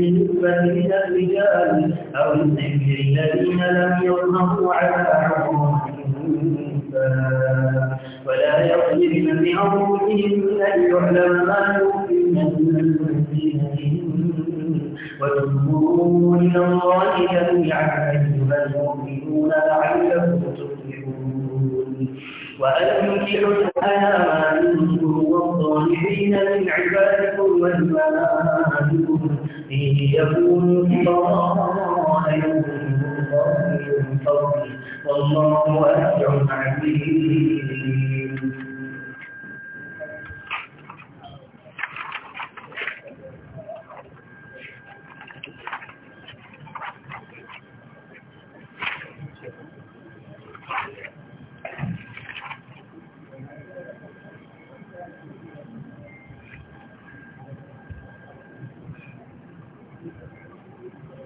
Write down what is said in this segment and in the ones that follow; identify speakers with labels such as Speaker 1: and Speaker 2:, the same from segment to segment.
Speaker 1: بالنسبة من الرجال أو الذكر الذين لم يظهروا على ولا يقلبن أن يعلم ما يخفين من وتنظروا إلى الله جميعا أيها المؤمنون لعلكم تفلحون وأنكحوا الأنام منكم والصالحين من عبادكم والملائكة فيه يكون الفقراء ينفر من فضله والله واسع عليم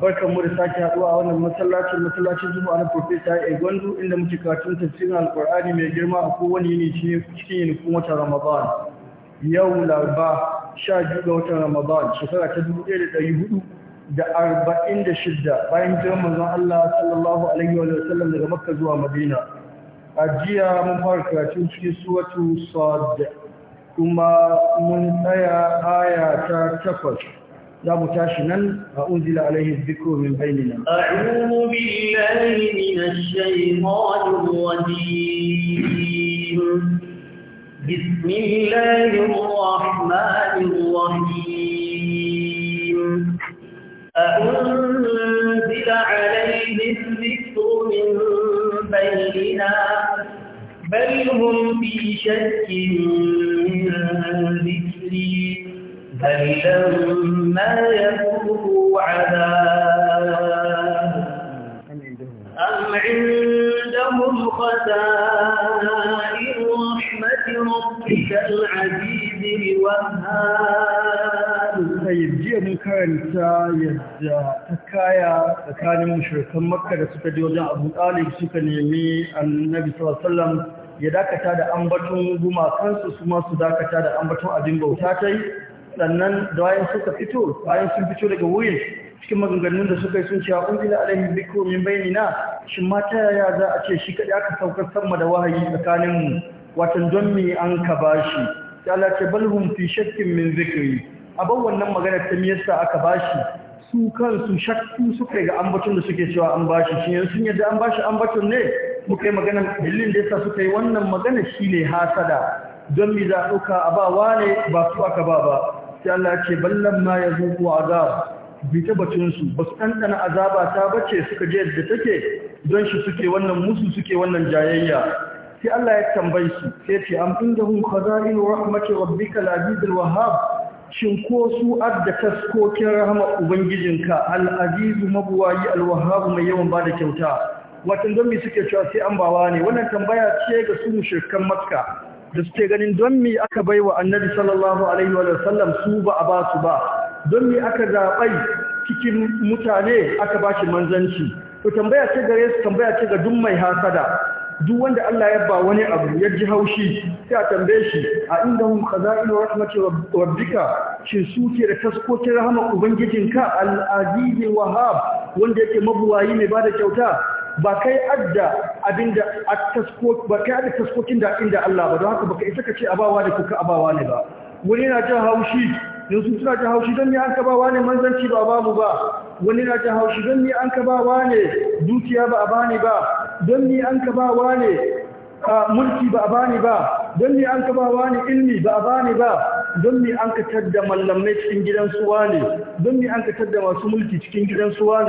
Speaker 2: barkan mu da sake haduwa a wannan masallacin masallacin zuwa na profesa a gwandu inda muke karatun tafsirin alkur'ani mai girma a kowane yini cikin yini kuma watan ramadan yau laraba sha biyu ga watan ramadan shekara ta dubu ɗaya da ɗari hudu da arba'in da shidda bayan jiran manzon allah sallallahu alaihi wa sallam daga makka zuwa madina a jiya mun fara karatun cikin suwatu sadda kuma mun tsaya aya ta takwas لا متاشنا فأنزل عليه الذكر من بيننا أعوذ بالله من
Speaker 1: الشيطان الرجيم بسم الله الرحمن الرحيم أنزل عليه الذكر من بيننا بل هم في شك من ذكري بل لما يكون عذاب أم عندهم خزائن رحمة ربك العزيز الوهاب
Speaker 2: طيب jiya mun karanta yadda ta kaya tsakanin mushrikan makka da suka je wajen abu ɗalib suka nemi annabi sallallahu ya dakata da ambaton gumakansu su ma su dakata da ambaton abin bauta ta yi sannan da wayan suka fito bayan sun fito daga wurin cikin maganganun da suka yi sun cewa unzila alaihi biko min na? shin ma ta yaya za a ce shi kaɗai aka saukar sama da wahayi tsakanin mu watan don me an ka bashi sai Allah ce bal fi shakkin min zikri abin wannan magana ta miyarsa aka bashi su kansu shakku suka ga ambaton da suke cewa an bashi shi yanzu sun yadda an bashi ambaton ne muka yi magana dalilin da yasa suka yi wannan magana shine hasada don me za a ɗauka a ba wane ba su aka ba ba sai Allah ce ballan ma ya zuku azab bi ta ba su basu ɗanɗana azaba ta bace suka je da take don shi suke wannan musu suke wannan jayayya sai Allah ya tambayi su sai ce am indahum khaza'in rahmati rabbika al-aziz wahhab shin ko su adda taskokin rahama ubangijinka al-aziz mabwayi al-wahhab mai yawan bada kyauta watan don me suke cewa sai an bawa ne wannan tambaya ce ga su mushrikan makka da suke ganin don me aka bai wa annabi sallallahu alaihi wa sallam su ba a ba su ba don me aka zaɓai cikin mutane aka ba shi manzanci to tambaya ce gare su tambaya ce ga duk mai hasada duk wanda Allah ya ba wani abu ya ji haushi sai a tambaye shi a inda hum khaza'inu rahmati rabbika shin suke ke da taskokin rahama ubangijinka al-aziz wahhab wanda yake mabuwayi mai bada kyauta ba kai adda abinda atasko ba kai adda taskokin da inda Allah ba don haka baka isa kace abawa ne ko ka abawa ne ba wani na jin haushi yanzu suna jin haushi don ni an ka bawa ne manzanci ba babu ba wani na jin haushi don ni an ka bawa ne dukiya ba a bani ba don ni an ka bawa ne mulki ba a bani ba don ne an kaba wani ilmi ba a bani ba don ne an ka tadda mallamai cikin gidan suwa don ne an ka tadda masu mulki cikin gidan suwa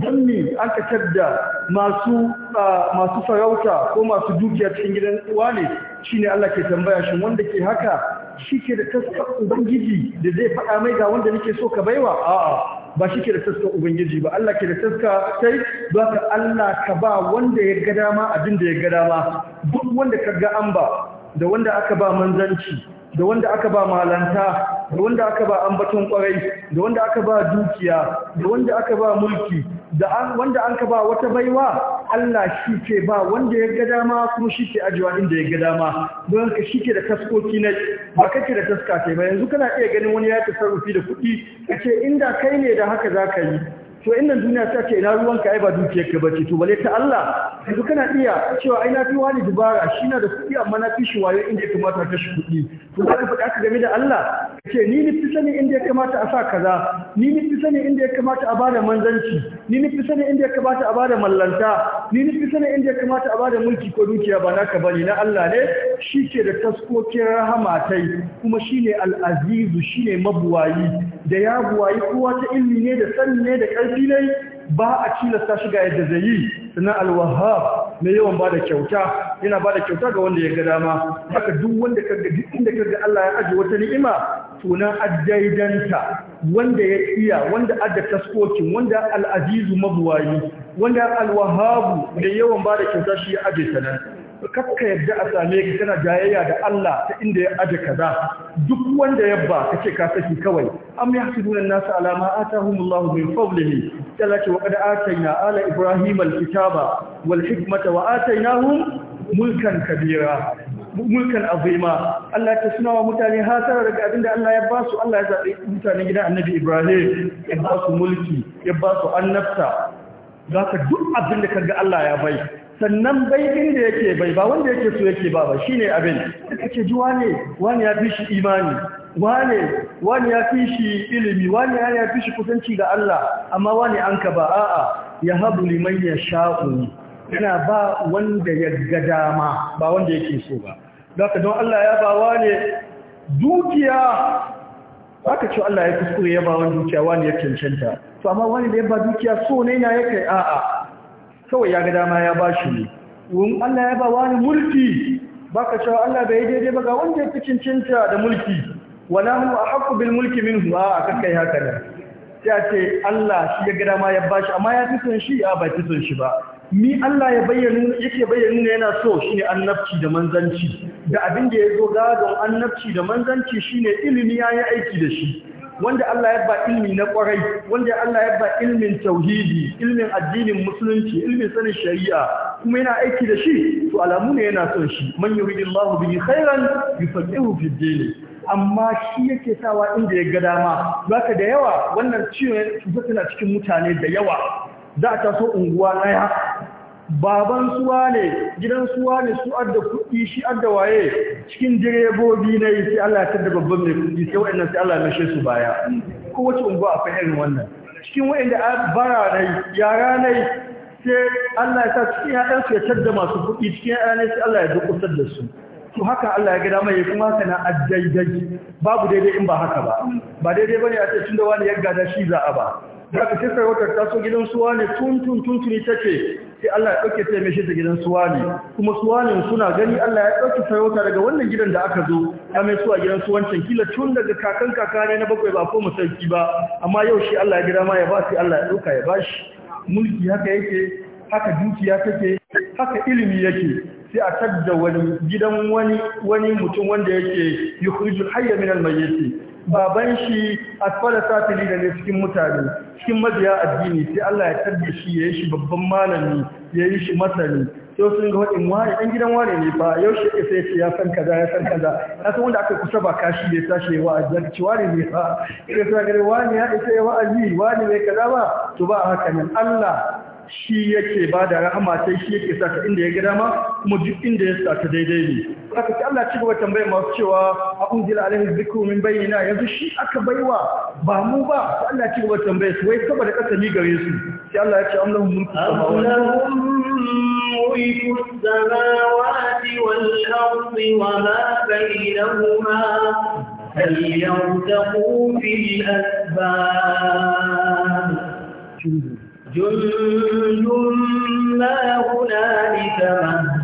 Speaker 2: don ne an ka tadda masu masu farauta ko masu dukiya cikin gidan suwa ne shine Allah ke tambaya shi wanda ke haka shi ke da taskar ubangiji da zai faɗa mai ga wanda nake so ka baiwa a'a ba shi ke da taska ubangiji ba Allah ke da taska sai ba ka Allah ka ba wanda ya ga dama abin da ya ga dama duk wanda ka ga an ba da wanda aka ba manzanci da wanda aka ba malanta da wanda aka ba ambaton kwarai da wanda aka ba dukiya da wanda aka ba mulki da wanda an ka ba wata baiwa Allah shi ke ba wanda ya ga dama kuma shi ke ajiwa inda ya ga dama don ka shi ke da taskoki na ba kake da taska ba yanzu kana iya ganin wani ya tasarrufi da kuɗi Ka kace inda kai ne da haka za ka yi to innan duniya ta ce ina ruwanka ai ba dukiyar ka bace to bale ta Allah yanzu kana iya cewa ai na fi wani dubara shi na da kuɗi amma na fi shi wayo inda ya kamata ka shi kuɗi to za ka faɗa ka game da Allah ce ni ni fi sani inda ya kamata a sa kaza ni ni fi sani inda ya kamata a bada manzanci ni ni fi sani inda ya kamata a bada mallanta ni ni fi sani inda ya kamata a bada mulki ko dukiya ba naka bane na Allah ne shi ke da taskokin rahama tai kuma shine al-azizu shine mabuwayi da ya buwayi kowa ta ilmi ne da sani ne da ƙarfi tallafi ba a cilasta shi ga yadda zai yi na alwahab mai yawan ba da kyauta yana ba da kyauta ga wanda ya ga dama haka duk wanda kaga duk inda karga Allah ya ajiye wata ni'ima tunan addaidanta wanda ya iya wanda adda taskokin wanda al'azizu mabuwayi wanda alwahabu da yawan ba da kyauta shi ya aje sanan ka yadda a same ka kana jayayya da Allah ta inda ya aje kaza duk wanda ya ba kace ka saki kawai am yahsiduna an-nas ala ma atahumullahu min fadlihi yalla ce wa qad atayna ala ibrahim al-kitaba wal hikmata wa atainahum mulkan kabira mulkan azima Allah ta sunawa mutane hasara daga abinda Allah ya ba su Allah ya zabi mutane gidan annabi Ibrahim ya ba su mulki ya ba su annabta zaka duk abinda kaga Allah ya bai sannan baikin da yake bai ba wanda yake so yake ba ba shine abin kake ji wane wane ya fi shi imani wane wane ya fi shi ilimi wane ya fi shi kusanci ga Allah amma wane an ka ba a'a ya habu liman yasha'u yana ba wanda ya ga dama ba wanda yake so ba Daka don Allah ya ba wane dukiya aka ce Allah ya kuskure ya ba wani dukiya wani ya cancanta to amma wani da ya ba dukiya so ne yana yake a'a kawai ya ga dama ya ba shi ne Wun Allah ya ba wani mulki Ba ka cewa Allah bai daidai ba ga wanda ya fi cincinta da mulki wala a ahqqu bil mulki minhu a kakai haka ne sai a ce Allah shi ya ga dama ya ba shi amma ya fi son shi a ba fi son shi ba ni Allah ya bayyana yake bayyana yana so shine annabci da manzanci da abin da ya zo gadon annabci da manzanci shine ilimi yayi aiki da shi wanda Allah ya ba ilmi na kwarai wanda Allah ya ba ilmin tauhidi ilmin addinin musulunci ilmin sanin shari'a kuma yana aiki da shi to alamu ne yana son shi man yuridillahu bihi khairan yufaqihu fid din amma shi yake sawa inda ya ga dama zaka da yawa wannan ciwon cuta tana cikin mutane da yawa za a taso unguwa daya baban suwa ne gidan suwa ne su adda kuɗi shi adda waye cikin direbobi na yi sai Allah ya tada babban mai kuɗi sai wa'annan sai Allah ya mashe su baya Ko wace unguwa akwai irin wannan cikin wa'anda a bara ne yara ne sai Allah ya sa cikin yaɗan su ya tada masu kuɗi cikin yaɗa ne sai Allah ya dukusar da su to haka Allah ya gada mai kuma haka na addaidai babu daidai in ba haka ba ba daidai bane a ce tun da wani ya gada shi za a ba da aka sai sarautar taso gidan suwa ne tun tun tun tuni ce sai Allah ya ɗauke ta ta gidan suwani kuma suwanin suna gani Allah ya ɗauke sarauta daga wannan gidan da aka zo ya mai suwa gidan suwancin kila tun daga kakan kaka ne na bakwai ba ko sarki ba amma yau shi Allah ya gida ma ya ba sai Allah ya ɗauka ya ba shi mulki haka yake haka dukiya take haka ilimi yake sai a tadda wani gidan wani wani mutum wanda yake yukhrijul hayya min al-mayyit baban shi asfala safili da ne cikin mutane cikin mabiya addini sai Allah ya tabbe shi ya yi shi babban malami ya yi shi masani yau sun ga waɗin wani ɗan gidan wani ne fa yau shi sai ce ya san kaza ya san kaza na san wanda aka kusa ba kashi ne ya ya wa'azi ya ci wani ne fa sai sai gare wani ya isa ya wa'azi wani ne kaza ba to ba haka ne. Allah shi yake ba da rahama sai shi yake saka inda ya gida ma. kuma duk inda ya saka daidai ne aka ce Allah ci gaba tambayar masu cewa a unzila alaihi zikru min bayyana yanzu shi aka baiwa ba mu ba sai Allah ci gaba tambayar su wai saboda kasami gare su sai Allah ya ce Allahu
Speaker 1: mulku samawati wal ardi wa ma bainahuma فليرتقوا في الأسباب جند ما هنالك مهزوم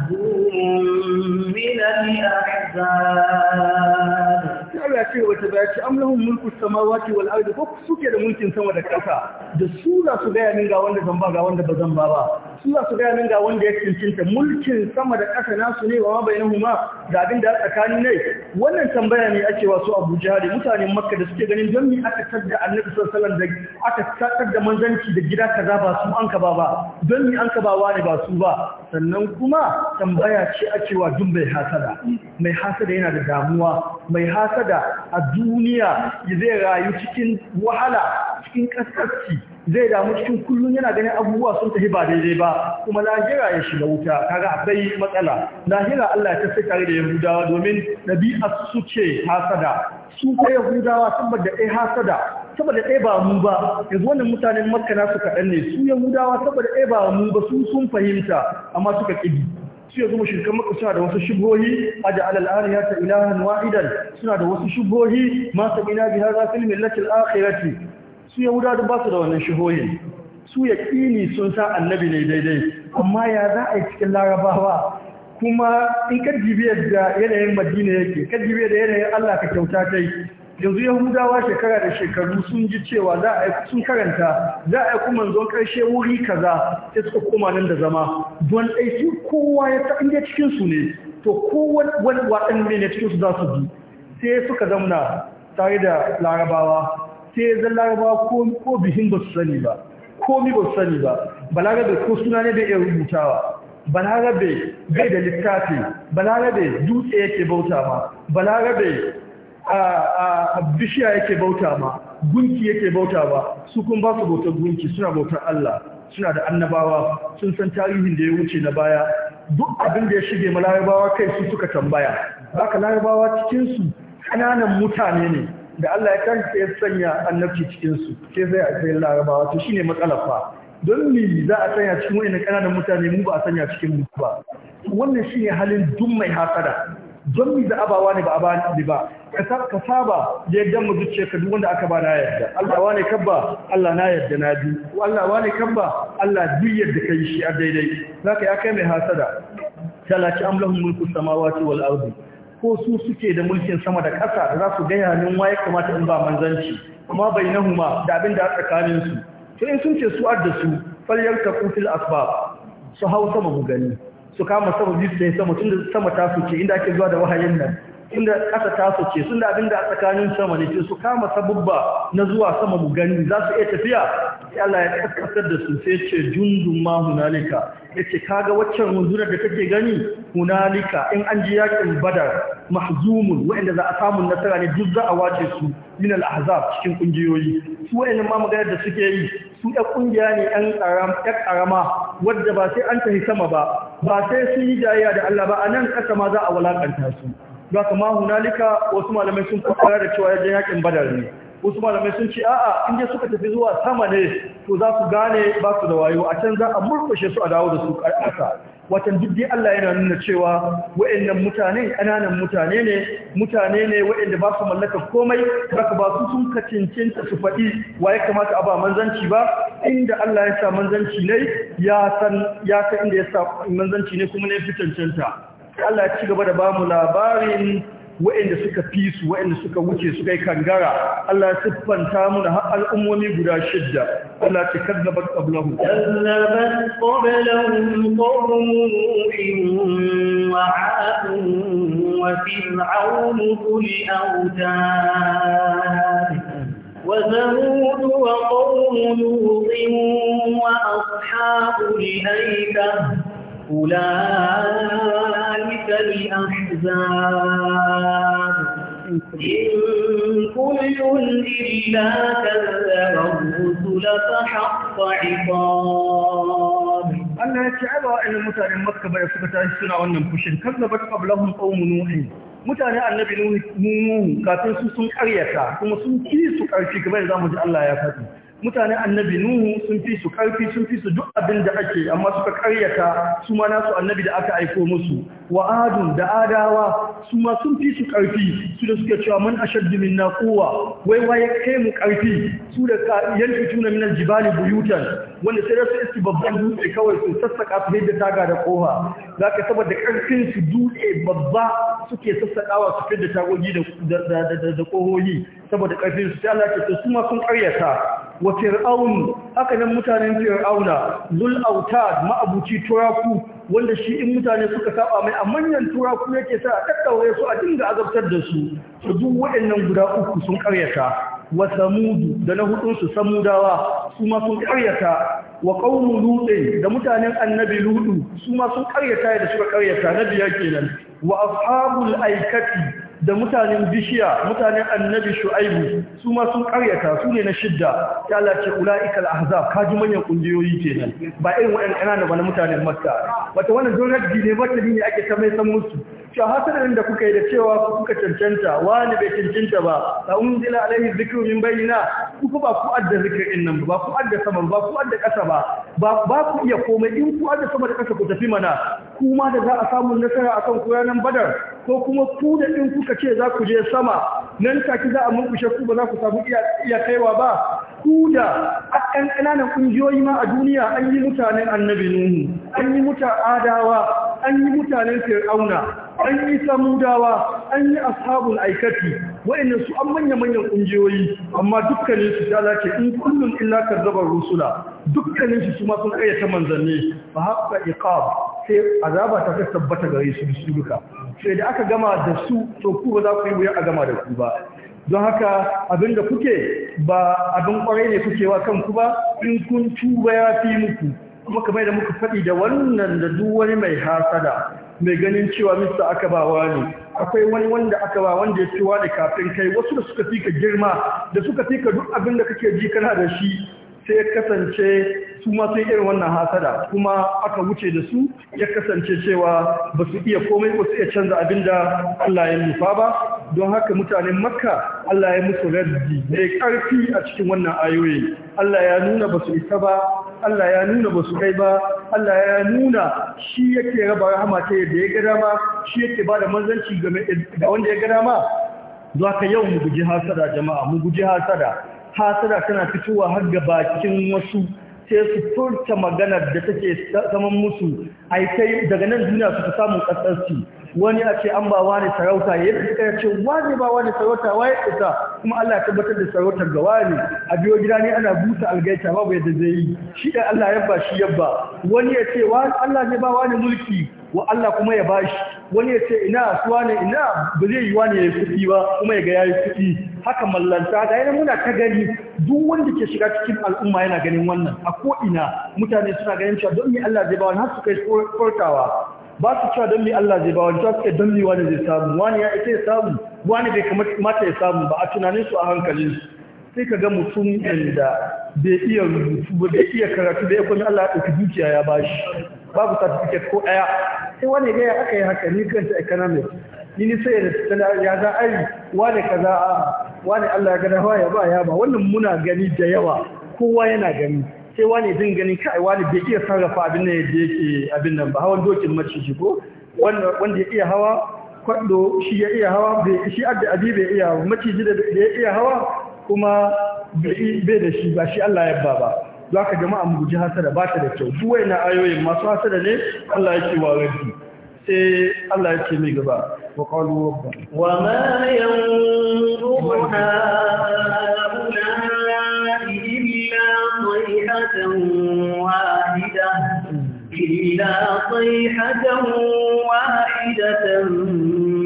Speaker 1: من الأحزاب
Speaker 2: Allah ce wata baya ce amlahun mulku samawati wal ardi ko suke da mulkin sama da ƙasa da su za su ga yanin ga wanda zan ba ga wanda ba zan ba ba su za su ga yanin ga wanda ya cincinta mulkin sama da ƙasa nasu ne wa bayan huma da abin da tsakani ne wannan tambaya ne ake wa su Abu Jahal mutanen Makka da suke ganin don me aka tadda Annabi sallallahu alaihi wasallam da aka tadda manzanci da gida kaza ba su an ka ba ba don me an ka ba wani ba su ba sannan kuma tambaya ce ake wa dun bai hasada mai hasada yana da damuwa mai hasada a duniya zai rayu cikin wahala cikin kaskarci zai damu cikin kullum yana ganin abubuwa sun tafi ba daidai ba kuma lahira ya shiga wuta kaga akwai matsala lahira Allah ya tafi tare da yahudawa domin ɗabi'a su ce hasada su ko yahudawa saboda ɗaya hasada saboda ɗaya ba mu ba yanzu wannan mutanen makka su kaɗan ne su yahudawa saboda ɗaya ba mu ba su sun fahimta amma suka ƙibi su yanzu shirkan maka suna da wasu shubohi aj'al ya ta ilahan wa’idan suna da wasu shubohi masu ina biya za su millati al-akhirati su ya da ba su da wannan shubohin su ya ƙini sun sa annabi ne daidai amma ya za a yi cikin larabawa kuma in ka da yanayin madina yake ka da yanayin Allah ka kyauta kai yanzu yahudawa shekara da shekaru sun ji cewa za a yi sun karanta za a yi kuma zuwa karshe wuri kaza ya suka koma nan da zama don aiki kowa ya ta inda cikin ne to kowa wani waɗin ne cikin su za su bi sai suka zamna tare da larabawa sai zan larabawa ko bihin ba su sani ba komi ba su sani ba balarabe ko suna ne da iya rubutawa balarabe bai da littafi balarabe dutse yake bauta ba balarabe a bishiya yake bauta ma gunki yake bauta ba su kun ba su bautar gunki suna bautar Allah suna da annabawa sun san tarihin da ya wuce na baya duk abin da ya shige ma larabawa kai su suka tambaya baka larabawa cikin su kananan mutane ne da Allah ya kanta ya sanya annabci cikin su sai zai a larabawa to shine matsala fa don me za a sanya cikin wani kananan mutane mu ba a sanya cikin mu ba wannan shine halin duk mai hasada don mi da abawa ne ba a ni ba ka saba da yadda mu zuciya ka duk wanda aka ba na yarda Allah wane kabba Allah na yarda na bi Allah wane kabba Allah duk yadda kai shi a daidai zaka ya kai mai hasada talaci amlahum mulku samawati wal ardi ko su suke da mulkin sama da ƙasa da za su gaya nin waye kamata in ba manzanci kuma bainahuma da abin da tsakanin su to in sun ce su adda su falyar taqu fil asbab su hausa mu gani su kama sama biyu da sama tun da sama ta suke inda ake zuwa da wahayin nan inda ƙasa ta soke sun da abin da a tsakanin sama ne ce su kama sabubba na zuwa sama mu gani za su iya tafiya sai Allah ya kaskasar da su sai ce jundun ma hunalika ya ce kaga waccan rundunar da kake gani hunalika in an ji yakin badar mahzumun wa'inda za a samun nasara ne duk za a wace su min al'azab cikin kungiyoyi su wa'annan ma maganar da suke yi su ɗan kungiya ne ɗan ƙarama wadda ba sai an tafi sama ba ba sai sun yi jayayya da Allah ba a nan ƙasa ma za a walakanta su don kama hunalika wasu malamai sun kwakwara da cewa yajen yakin badar ne wasu malamai sun ce a'a in inda suka tafi zuwa sama ne to za su gane ba su da wayo a can za a murkushe su a dawo da su ƙasa watan duk dai Allah yana nuna cewa wa'annan mutane ƙananan mutane ne mutane ne wa'anda ba su mallaka komai baka ba su sun ka ta su faɗi wa ya kamata a ba manzanci ba inda Allah ya sa manzanci ne ya san ya san inda ya sa manzanci ne kuma ne Allah ya ci gaba da bamu labarin waɗanda suka fi su waɗanda suka wuce suka yi kangara Allah ya siffanta mu da al'ummomi guda shidda Allah ya kazzabat qablahum kazzabat
Speaker 1: qablahum qawmun nuhin wa 'adun wa fir'aun dhul awtad وثمود وقوم لوط وأصحاب الأيكة أولئك الأحزاب إن كل إلا كذب الرسل فحق عقاب Allah ya ce ai ba wa'annan mutanen
Speaker 2: Makka bai suka tashi suna wannan fushin kazzabat qablahum qaumun nuh mutane annabi nuh kafin su sun karyata kuma sun ki su karfi kamar mu ji Allah ya faɗi Mutane annabi nuhu sun fi su karfi sun fi su duk abin da ake amma suka karyata su ma nasu annabi da aka aiko musu wa adun da adawa su ma sun fi su karfi su da suke cewa man ashaddu minna quwwa wai waye kai mu karfi su da yanki tuna min aljibali buyutan wanda sai su isti babban dutse kawai su sassaka su da taga da koha zaka saboda karfin su dutse babba suke sassakawa su fidda tagogi da da da kohoyi saboda karfin su sai Allah ya ce su ma sun karyata wa fir'aun haka nan mutanen fir'auna zul autad ma'abuci turaku wanda shi in mutane suka saba mai a manyan turaku yake sa a daddaure su a dinga azabtar da su to duk waɗannan guda uku sun karyata wa samudu da na hudun su samudawa su ma sun karyata wa qaumu lutin da mutanen annabi ludu su ma sun karyata da suka karyata na biyar kenan wa ashabul aikati da mutanen bishiya mutanen annabi shu'aibu su ma sun karyata su ne na shidda ya Allah ce ulaiikal ahzab kaji manyan kungiyoyi kenan ba irin waɗannan kanana ba na mutanen makka wata wannan don raddi ne wata ne ake ta mai san musu shi hasarin da kuka yi da cewa kuka cancanta wani bai cancanta ba ta unzila alaihi zikru min bayyina ku ba ku adda zikirin nan ba ku adda sama ba ku adda kasa ba ba ku iya komai in ku adda sama da kasa ku tafi mana kuma da za a samu nasara akan ku ranar badar ko kuma ku da ɗin kuka ce za ku je sama nan take za a murkushe ku ba za ku samu iya kaiwa ba ku da ɗan ƙananan ƙungiyoyi ma a duniya an yi mutanen annabi nuhu an yi muta adawa an yi mutanen fir'auna an yi samudawa an yi ashabul aikati wa'annan su an manya-manyan ƙungiyoyi amma dukkanin su ta ce in kullum illa kazzabar rusula dukkanin su ma sun ƙayyata manzanni fa haƙa iqab sai azaba ta ta tabbata gare su su duka sai da aka gama da su to ku ba za ku yi wuya a gama da ku ba don haka abin da kuke ba abin kwarai ne kuke wa kanku ba in kun tuba ya fi muku kuma kamar da muka faɗi da wannan da duk wani mai hasada mai ganin cewa mista aka ba wani akwai wani wanda aka ba wanda ya fi wani kafin kai wasu da suka fi ka girma da suka fi ka duk abin da kake ji kana da shi sai ya kasance su ma sun irin wannan hasada kuma aka wuce da su ya kasance cewa ba su iya komai ko su iya canza abin da Allah ya nufa ba don haka mutanen makka Allah ya musu raddi mai ƙarfi a cikin wannan ayoyi Allah ya nuna ba su isa ba Allah ya nuna ba su kai ba Allah ya nuna shi yake raba rahama ta yadda ya ga dama shi yake ba da manzanci ga wanda ya ga dama za ka yau mu guji hasada jama'a mu guji hasada hasada tana fitowa har ga bakin wasu sai su furta maganar da take saman musu ta kai daga nan duniya su ta samun ƙasarci wani a ce an ba wani sarauta ya yadda suka ce wani ba wani sarauta waye ita kuma Allah ya tabbatar da sarautar ga wani a biyo gida ne ana buta algaita babu yadda zai yi shi da Allah ya yabba shi yabba wani ya ce Allah ne ba wani mulki wa Allah kuma ya bashi wani ya ce ina su wani ina ba zai yi wani ya yi kuɗi ba kuma ya ga ya yi kuɗi haka mallanta da yana muna ta gani duk wanda ke shiga cikin al'umma yana ganin wannan a ko'ina mutane suna ganin cewa don me Allah zai ba wani har su kai kortawa ba su cewa don me Allah zai ba wani ta kai don me wani zai samu wani ya ita ya samu wani bai kamata ya samu ba a tunanin su a hankalin su sai ka ga mutum da bai iya rubutu ba bai iya karatu bai kuma Allah ya ɗauki dukiya ya bashi babu certificate ko ɗaya sai wani ga ya aka yi haka ni kanta economics ni sai da ya za ai wani kaza a wani Allah ya gada ya ba ya ba wannan muna gani da yawa kowa yana gani sai wani din gani kai wani bai iya sarrafa abin nan yadda yake abin nan ba hawan dokin maciji ko wanda ya iya hawa kwando shi ya iya hawa bai shi adda abi bai iya maciji da ya iya hawa kuma bai da shi ba shi Allah ya ba ba za ka jama'a mu guji hasada ba ta da kyau duk na ayoyin masu hasada ne Allah yake wa rabbi sai Allah yake mai gaba وقالوا ربنا وما
Speaker 1: ينظر هؤلاء إلا صيحة واحدة إلا صيحة واحدة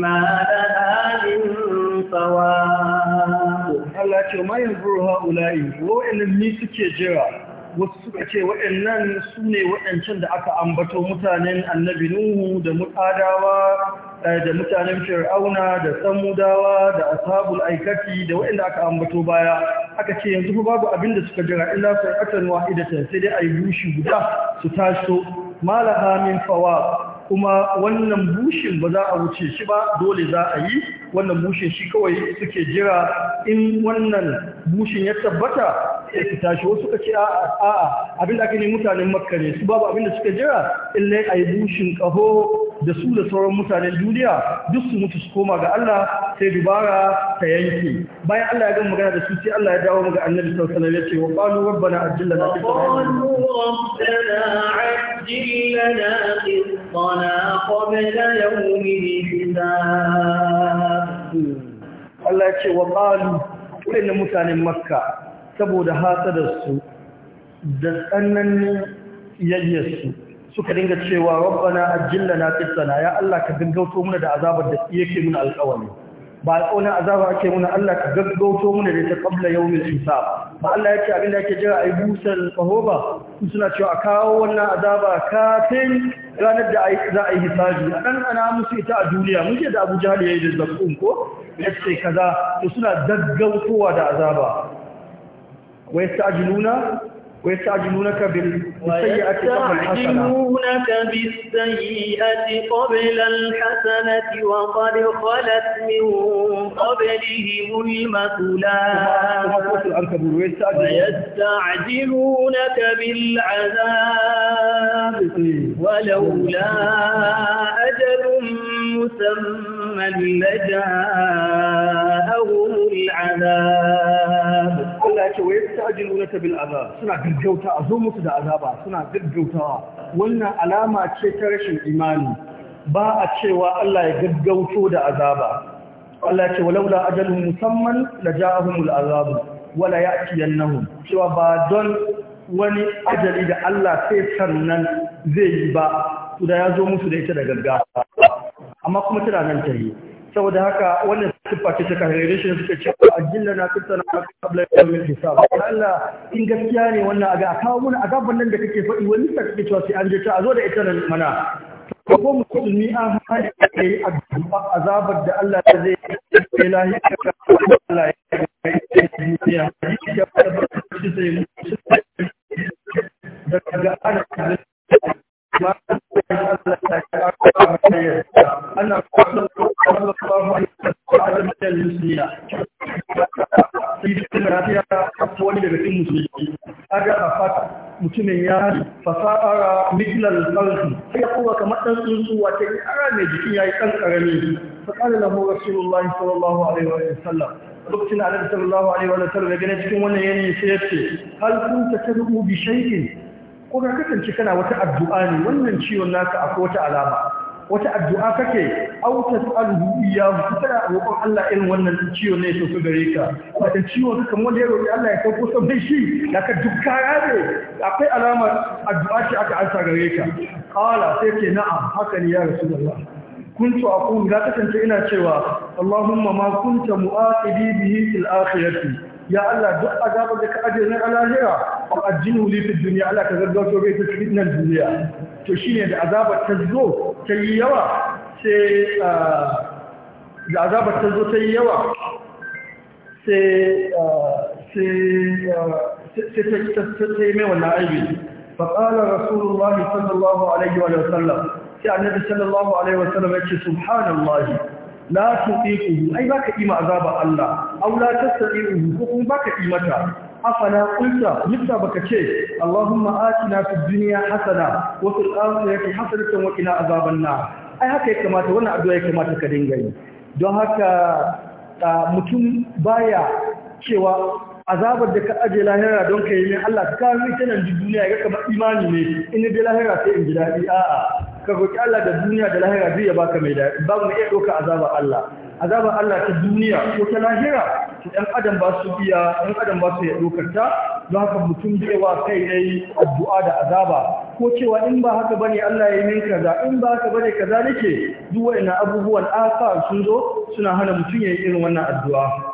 Speaker 1: ما لها من فواد الله ما ينظر هؤلاء وإن ميسك
Speaker 2: جرى wasu suka ce waɗannan su ne waɗancan da aka ambato mutanen annabi Nuhu da mutadawa eh, da mutanen Fir'auna da Samudawa da asabul aikati da waɗanda aka ambato baya aka ce yanzu babu abin da suka jira illa sa'atan wahidatan sai dai ayi bushi guda su taso malaha min kuma wannan bushin ba za a wuce shi ba dole za a yi wannan bushin shi kawai suke jira in wannan bushin ya tabbata sai su tashi wasu ka a a'a abin da aka ne mutanen makka ne su babu abin da suka jira in lai a yi bushin kaho da su da sauran mutanen duniya duk su mutu su koma ga Allah sai dubara ta yanke bayan Allah ya gama magana da su sai Allah ya dawo ga annabi sallallahu alaihi wasallam ya ce wa qalu rabbana
Speaker 1: ajilna lana عجل لنا قسطنا قبل يوم الحساب
Speaker 2: Allah ce wa ƙalu mutanen makka saboda hatsadarsu da tsananin yayyarsu suka dinga cewa rabbana ajillana qissana ya Allah ka gaggauto mana da azabar da yake mun alƙawari ba azaba ake muna Allah ka gaggauto muna da ta kabla yau mil hisab ba Allah ya ce abin da ake jira a yi busar fahoba su suna cewa a kawo wannan azaba kafin ranar da za a yi hisabi a ɗan ana musu ita a duniya mun da abu jihar ya yi da zaɓun ko ya ce kaza to suna gaggautowa da azaba wai sa ajiluna ويستعجلونك بالسيئة قبل الحسنة
Speaker 1: بالسيئة قبل الحسنة وقد خلت من قبلهم المثلات ويستعجلونك بالعذاب إيه. ولولا أجل مسمى عملا لجاءهم العذاب Allah ce wai ta bil azab suna
Speaker 2: gaggauta a zo musu da azaba suna gaggautawa wannan alama ce ta rashin imani ba a cewa Allah ya gaggauto da azaba Allah ce walaula ajalun musamman la ja'ahumul azab wala ya'tiyannahum cewa ba don wani ajali da Allah sai sannan zai yi ba to da ya zo musu da ita da gaggawa amma kuma tana nan ta yi saboda haka wannan siffa ce ta kare shi suka ce a jilla na kusa na kabla ya yi hisab Allah in gaskiya ne wannan aga a kawo mana azaban nan da kake faɗi wani ta kake cewa sai an je ta a zo da ita nan mana to ko musulmi an hana kai azabar da Allah zai yi lahi
Speaker 1: Allah ya yi ya daga da
Speaker 2: Allah ya yi ana أقول صلى الله عليه وسلم المسلمين cikin lafiya a wani daga cikin musulmi aga a fata mutumin ya hari fasa'ara mitlal alfi sai ya kuma kamar ɗan tsuntsu ta yi mai jiki ya yi ɗan ƙarami faƙaɗa lahu rasulullahi sallallahu alaihi wa sallam lokacin da alaihi sallallahu alaihi wa sallam ya gane cikin wannan yanayi sai ya ce hal kun ta tabu bi ko ka kasance kana wata addu'a ne wannan ciwon naka akwai wata alama wata addu'a kake au tas'aluhu iyyahu da roƙon Allah irin wannan ciwo ne to gare ka wata ciwo duka wanda ya roƙi Allah ya sauko son mai shi da ka duk ne akwai alamar addu'a ce aka ansa gare ka Ƙala sai ke na'am haka ne ya rasu rasulullah kuntu aqulu la kasance ina cewa allahumma ma kunta mu'aqidi bihi fil akhirati ya Allah duk azabar da ka aje na alahira a addinin li fi duniya Allah ka gaggauto bai ta fitnar duniya to shine da azabar ta zo ta yi yawa sai ah, da azabar ta zo ta yi yawa sai ah, sai ah, sai mai wannan aibi فقال رسول Sallallahu Alaihi الله عليه وسلم في النبي صلى la tuqiquhu ai baka ima azaba Allah aw la tastati'uhu ko kuma baka imata afala qulta yadda baka ce Allahumma atina fid dunya hasana wa fil akhirati hasanatan wa qina azaban nar ai haka ya kamata wannan addu'a ya kamata ka dinga yi don haka mutum baya cewa azabar da ka aje lahira don ka yi min Allah ka kawo ita nan duniya ga kamar imani ne in dai lahira sai in ji daɗi a'a ka roki Allah da duniya da lahira zai ya baka mai daɗi ba mu iya ɗauka azabar Allah azabar Allah ta duniya ko ta lahira to ɗan adam ba su biya, ɗan adam ba su ya ɗaukar ta don haka mutum zai wa kai yayi addu'a da azaba ko cewa in ba haka bane Allah ya yi kaza in ba haka bane kaza nake duk wa'annan abubuwan asa sun zo suna hana mutum ya yi irin wannan addu'a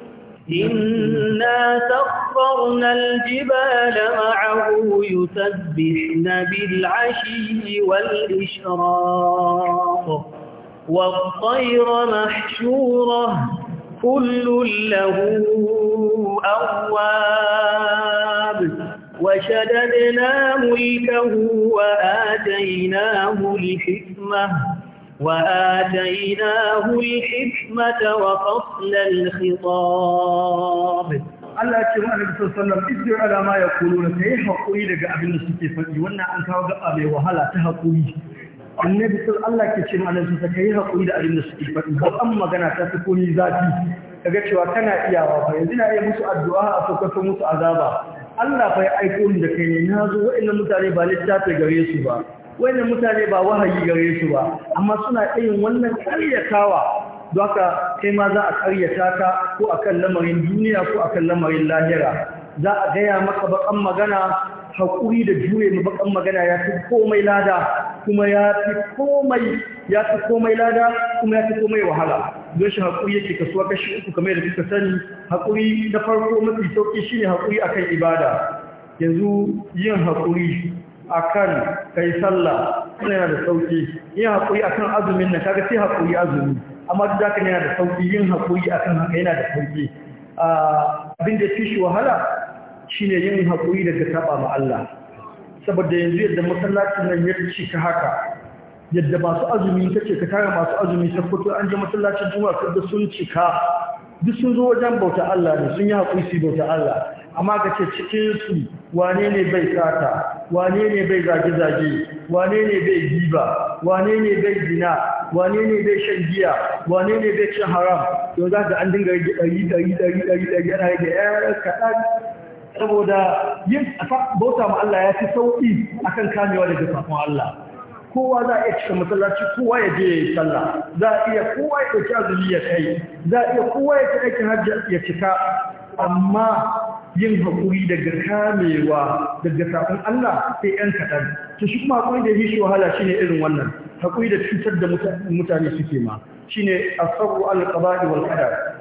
Speaker 1: إنا سخرنا الجبال معه يسبحن بالعشي والإشراق والطير محشورة كل له أواب وشددنا ملكه وآتيناه الحكمة وآتيناه الحكمة وفصل الخطاب Allah ya ce wa Annabi sallallahu alaihi wasallam idda ala ma yaquluna kai hakuri daga abin da suke
Speaker 2: faɗi wannan an kawo gaba mai wahala ta hakuri Annabi sallallahu Allah ke ce wa Annabi sallallahu kai hakuri da abin da suke faɗi ba magana ta sukuni zafi kaga cewa kana iyawa fa na musu addu'a a sauka musu azaba Allah fa ya aiko ni da kai ne na zo wa'annan mutane ba littafi gare su ba wannan mutane ba wahayi gare su ba amma suna yin wannan karyatawa don haka kai ma za a karyata ka ko akan lamarin duniya ko akan lamarin lahira za a gaya maka bakan magana haƙuri da jure mu bakan magana ya fi komai lada kuma ya fi komai ya fi komai lada kuma ya fi komai wahala don shi haƙuri yake kasuwa kashi uku kamar da kuka sani haƙuri na farko mafi sauƙi shine haƙuri akan ibada yanzu yin haƙuri akan kai sallah suna da sauki yin haƙuri akan azumin nan kaga sai haƙuri azumi amma duk zaka yana da sauki yin haƙuri akan haka yana da sauki ah, abin da fi shi wahala shine yin haƙuri daga taɓa ma Allah saboda yanzu yadda masallacin nan ya ci ka haka yadda masu azumi ce, ka tare masu azumi ta fito an je masallacin juma'a saboda sun cika duk sun zo wajen bauta Allah ne sun yi haƙuri su bauta Allah amma kace cikin su wane ne bai sata wane ne bai zage-zage wane ne bai giba wane ne bai zina wane ne bai shan giya wane ne bai cin haram yau za ka an dinga rage ɗari ɗari ɗari ɗari ɗari yana rage ɗaya kaɗan saboda yin bauta ma Allah ya fi sauƙi akan kamewa daga safon Allah kowa za a iya cika masallaci kowa ya je ya yi sallah za a iya kowa ya ɗauki azumi ya kai za a iya kowa ya ci aikin hajji ya cika amma yin hakuri daga kamewa daga saƙon Allah sai ‘yan kaɗan. ta shi kuma haƙuri da hishi wahala shi ne irin wannan, haƙuri da cutar da mutane suke ma, shi ne a sabu alƙaba'i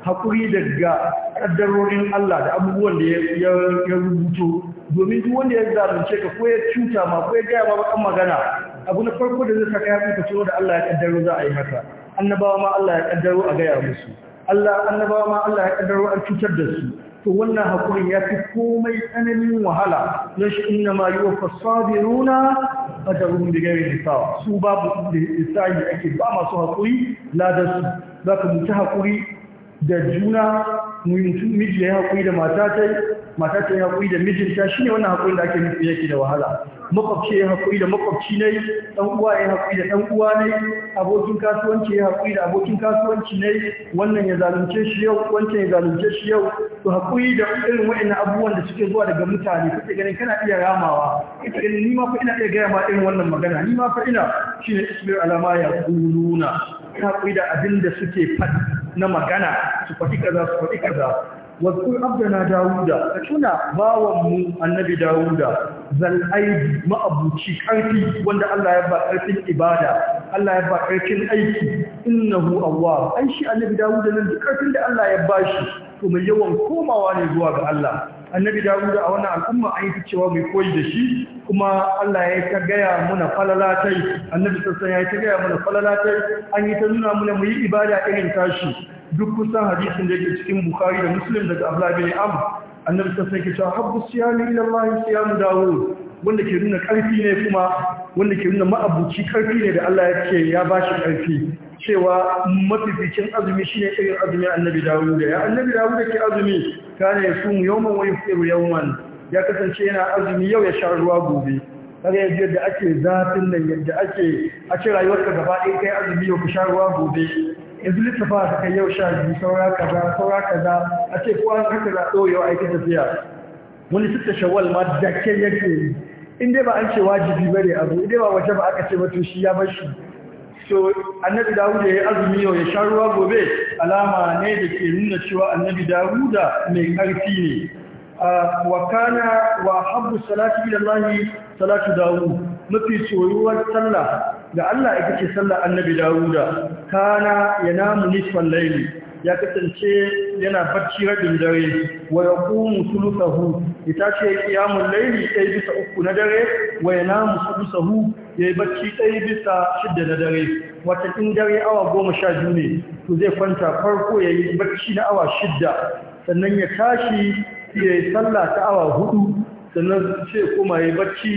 Speaker 2: haƙuri daga ƙaddarorin Allah da abubuwan da ya rubuto, domin duk wanda ya zalunce ka ko ya cuta ma ko ya gaya ma bakan magana, abu na farko da zai saka ya kuka da Allah ya ƙaddaro za a yi haka, annabawa ma Allah ya ƙaddaro a gaya musu. Allah annabawa ma Allah ya kaddaro an cutar da su to wannan hakurin ya fi komai tsananin wahala don shi inna ma yi wa fasabiruna a da gari nisa su babu da isa'i ake ba masu hakuri ladarsu za ka mutu hakuri da juna miji ya haƙuri da matatai matatai ya haƙuri da mijinta shi ne wannan haƙuri da ake nufi yake da wahala makwabci ya haƙuri da makwabci ne ɗan uwa ya haƙuri da ɗan uwa ne abokin kasuwanci ya haƙuri da abokin kasuwanci ne wannan ya zalunce shi yau wancan ya zalunce shi yau to haƙuri da irin wa'annan abubuwan da suke zuwa daga mutane kake ganin kana iya ramawa kake ganin ni ma fa ina iya gaya ma irin wannan magana ni ma fa ina shine isbir alama ya kuluna kaƙi da abin da suke faɗi na magana su faɗi kaza su faɗi kaza wasu abdana dawuda ka tuna bawanmu annabi dawuda zal'aibi ma'abuci ƙarfi wanda Allah ya ba ƙarfin ibada Allah ya ba ƙarfin aiki innahu awwab an shi annabi dawuda nan duk ƙarfin da Allah ya ba shi to mai yawan komawa ne zuwa ga Allah annabi dawuda a wannan al'umma an yi cewa mai koyi da shi kuma Allah ya ta gaya muna falalatai annabi sassan ya ta gaya muna falalatai an yi ta nuna muna mu yi ibada irin tashi duk kusan hadisin da yake cikin bukhari da muslim daga abdullahi bin am annabi sassan ke cewa habbu siyami ila allah siyamu dawud wanda ke nuna ƙarfi ne kuma wanda ke nuna ma'abuci ƙarfi ne da Allah ya ce ya ba shi ƙarfi cewa mafificin azumi shine irin azumi annabi da ya annabi da ke azumi kana yasum yawman wa yufiru yawman ya kasance yana azumi yau ya sha ruwa gobe kaga yadda da ake zafin nan yadda ake a ce rayuwarka gaba ɗaya kai azumi yau ka sha ruwa gobe yanzu littafa ta kai yau sha biyu saura kaza a ce kowa haka za a ɗoyewa aikin tafiya wani ta shawal ma da yake in dai ba an ce wajibi ne, abu in dai ba ba aka ce ba to shi ya bashi So annabi dawuda ya azumi yau ya sha ruwa gobe alama ne da ke nuna cewa annabi dawuda mai karfi ne wa kana wa habbu salati ila Allah salatu dawud mafi soyuwar sallah Da Allah ya ce sallar annabi dawuda kana ya namu nisfal layli ya kasance yana bacci rabin dare wa ya kumu sulusahu ya tashi ya kiyamun laili ɗaya bisa uku na dare wa ya namu sulusahu ya yi bacci ɗaya bisa shidda na dare wata in dare awa goma sha biyu ne to zai kwanta farko ya yi bacci na awa shidda sannan ya tashi ya yi sallah ta awa hudu sannan sai koma ya yi bacci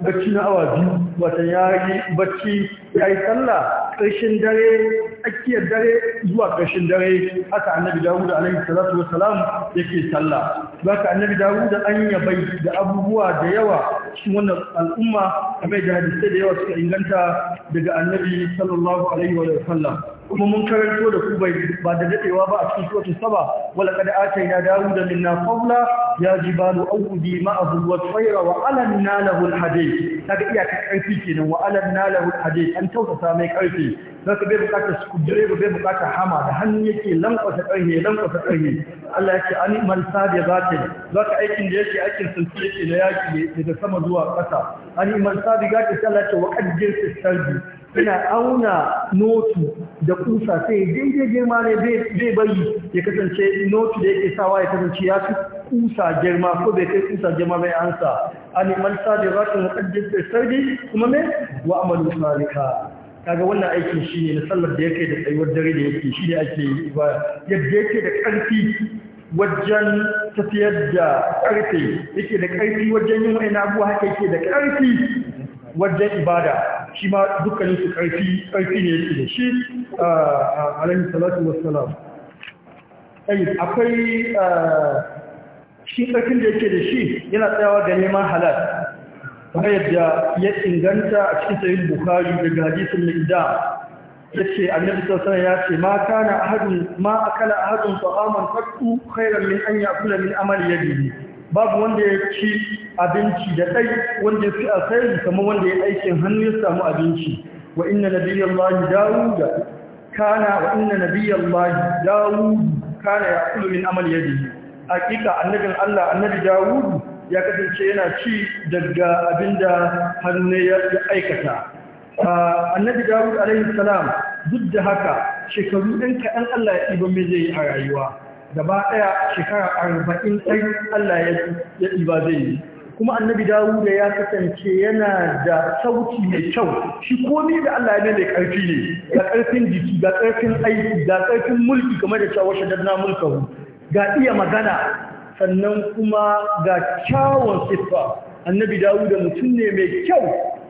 Speaker 2: bacci na awa biyu wata ya yi bacci ya yi sallah ƙarshen dare tsakiyar dare zuwa ƙarshen dare haka annabi da Alayhi salatu wa salam yake sallah ka annabi dawud an yabai da abubuwa da yawa cikin wannan al'umma mai da hadisai da yawa suka inganta daga annabi sallallahu alaihi wa sallam kuma mun karanto da ku bai ba da dadewa ba a cikin suratul saba wala kad atayna da minna fawla ya jibalu awdi ma'ahu wa tayra wa alanna lahu alhadid kaga iya karfi kenan wa alanna lahu an tausasa mai karfi za ka bai bukatar kujire ba bai bukatar hama da hannu yake lankwasa karhe lankwasa karhe Allah ya ce an malsa za ta za ka aikin da yake aikin sulfi yake da yaki daga sama zuwa ƙasa an malsa da ta Allah yake wa kaddin sirri ina auna notu da kusa sai daidai girma ne bai bari ya kasance notu da yake sawa ya kasance ya kusa girma ko bai kai kusa girma bai ansa an iman sadiqatu muqaddas bi sardi kuma me wa amalu salika kaga wannan aikin ne na sallar da yake da tsayuwar dare da yake shi ne ake yi ba yadda yake da ƙarfi wajen tafiyar da ƙarfi yake da ƙarfi wajen yin wani abuwa haka yake da ƙarfi wajen ibada shi ma dukkanin su ƙarfi ƙarfi ne yake da shi a alaihi salatu wassalam akwai shi ƙarfin da yake da shi yana tsayawa ga neman halal kuma yadda ya inganta a cikin sayin bukari daga hadisin mikda ya ce annabi sassan ya ce ma kana ahadun ma akala ahadun ta'aman fattu khairan min an yakula min ya yadihi babu wanda ya ci abinci da ɗai, wanda ya fi alkhairi kamar wanda ya aikin hannu ya samu abinci wa inna nabiyallahi dawud kana wa inna nabiyallahi dawo. kana yakulu min ya yadihi hakika annabin Allah annabi Dawud ya kasance yana ci daga abinda hannu ya aikata annabi Dawud alaihi salam duk da haka shekaru ka an Allah ya iba mai zai a rayuwa gaba ɗaya shekara arba'in sai Allah ya iba zai kuma annabi Dawud ya kasance yana da sauti mai kyau shi komai da Allah ya mai karfi ne ga ƙarfin jiki ga ƙarfin aiki ga ƙarfin mulki kamar da cewa shaddan na mulkahu ga iya magana sannan kuma ga kyawun siffa annabi dawuda mutum ne mai kyau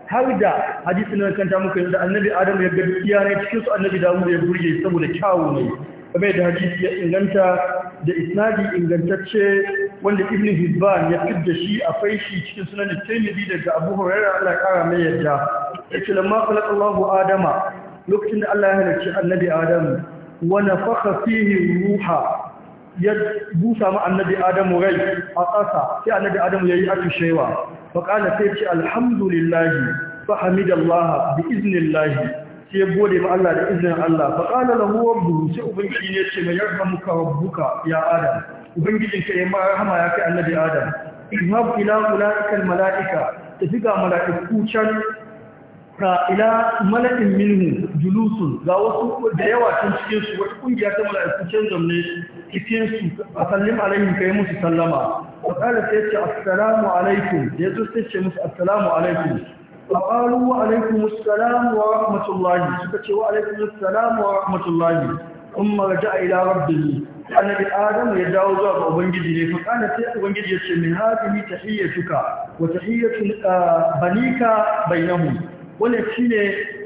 Speaker 2: har da hadisi na kanta muka da annabi adam ya ga iya ne cikin su annabi dawuda ya burge saboda kyawu ne kuma da hadisi ya inganta da isnadi ingantacce wanda ibn hibban ya da shi a fai shi cikin sunan tirmidhi daga abu hurairah Allah ya kara mai yadda yace lamma khalaqa adama lokacin da Allah ya halicci annabi adam wa nafakha fihi ruha ya busa ma annabi adamu rai a ƙasa sai annabi adamu ya yi atushewa faƙala sai ce alhamdulillahi hamidallaha bi iznillahi sai ya gode ma Allah da iznin Allah da lahu buru sai ubangiji ne ce mai muka rabbuka ya adam ubangijin ka ya ma rahama ya kai annabi adam izhab ila ulaika mala'ika, tafi ga malaiku can ka ila mala'in minhu julusun ga wasu da yawa can cikin su wata kungiya ta mala'iku can zamne cikin su a sallim alaihim kai musu sallama wa qala sai ce assalamu alaikum yazo sai ce musu assalamu alaikum wa qalu wa alaikum assalam wa rahmatullahi suka ce wa alaikum assalam wa rahmatullahi umma raja'a ila rabbihi annabi adamu ya dawo zuwa ga ubangiji ne fakana sai ubangiji ya ce min hadhihi tahiyyatuka wa tahiyyatu ah, banika bainahum wannan shine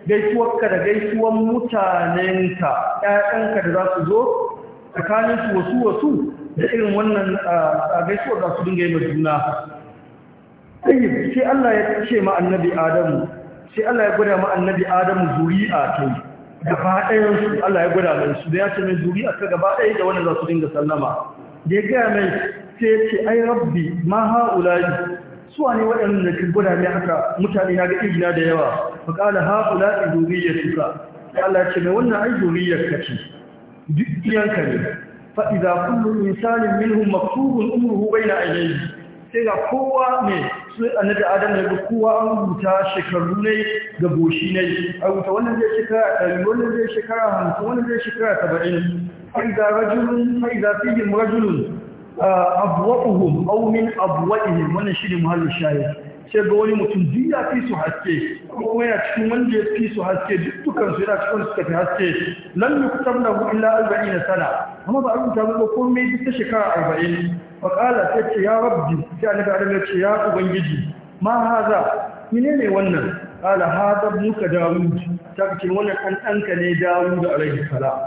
Speaker 2: gaisuwarka da gaisuwan mutanenka ƴaƴanka da za su zo tsakanin su wasu wasu da irin wannan ah, gaisuwar za su dinga yi ma juna sai Allah ya ce ma annabi Adamu sai Allah ya gwada ma annabi Adamu zuri'a ta gaba ɗayan su Allah ya gwada mai su da ya ce mai zuri'a ta gaba ɗaya da wanda za su dinga sallama da ya gaya mai sai ce ai rabbi ma ha'ula'i suwa ne waɗannan da ka gwada ne haka mutane na ga irina da yawa fa qala haula iduriyya suka Allah ce mai wannan ai duriyar ka ce duk iyanka ne fa idza kullu insanin minhum maktubun umruhu bayna ainihi sai ga kowa ne sai annabi adam ne ga kowa an rubuta shekaru ne ga goshi ne a rubuta wannan zai shekara ɗari wannan zai shekara 50 wannan zai shekara 70 fa idza rajulun fa idza fihim rajulun abwa'uhum aw min abwa'ihim wannan shine muhallin shahid sai ga wani mutum duk ya fi su haske Kuma yana cikin wanda ya fi su haske duk dukan su yana cikin su tafi haske lam yuktab lahu illa na sana amma ba abin ta ba ta shekara arba'in. fa qala sai ce ya rabbi sai annabi adam ya ce ya ubangiji ma haza ne wannan qala haza, muka dawud ta ce wannan an danka ne dawud alaihi salam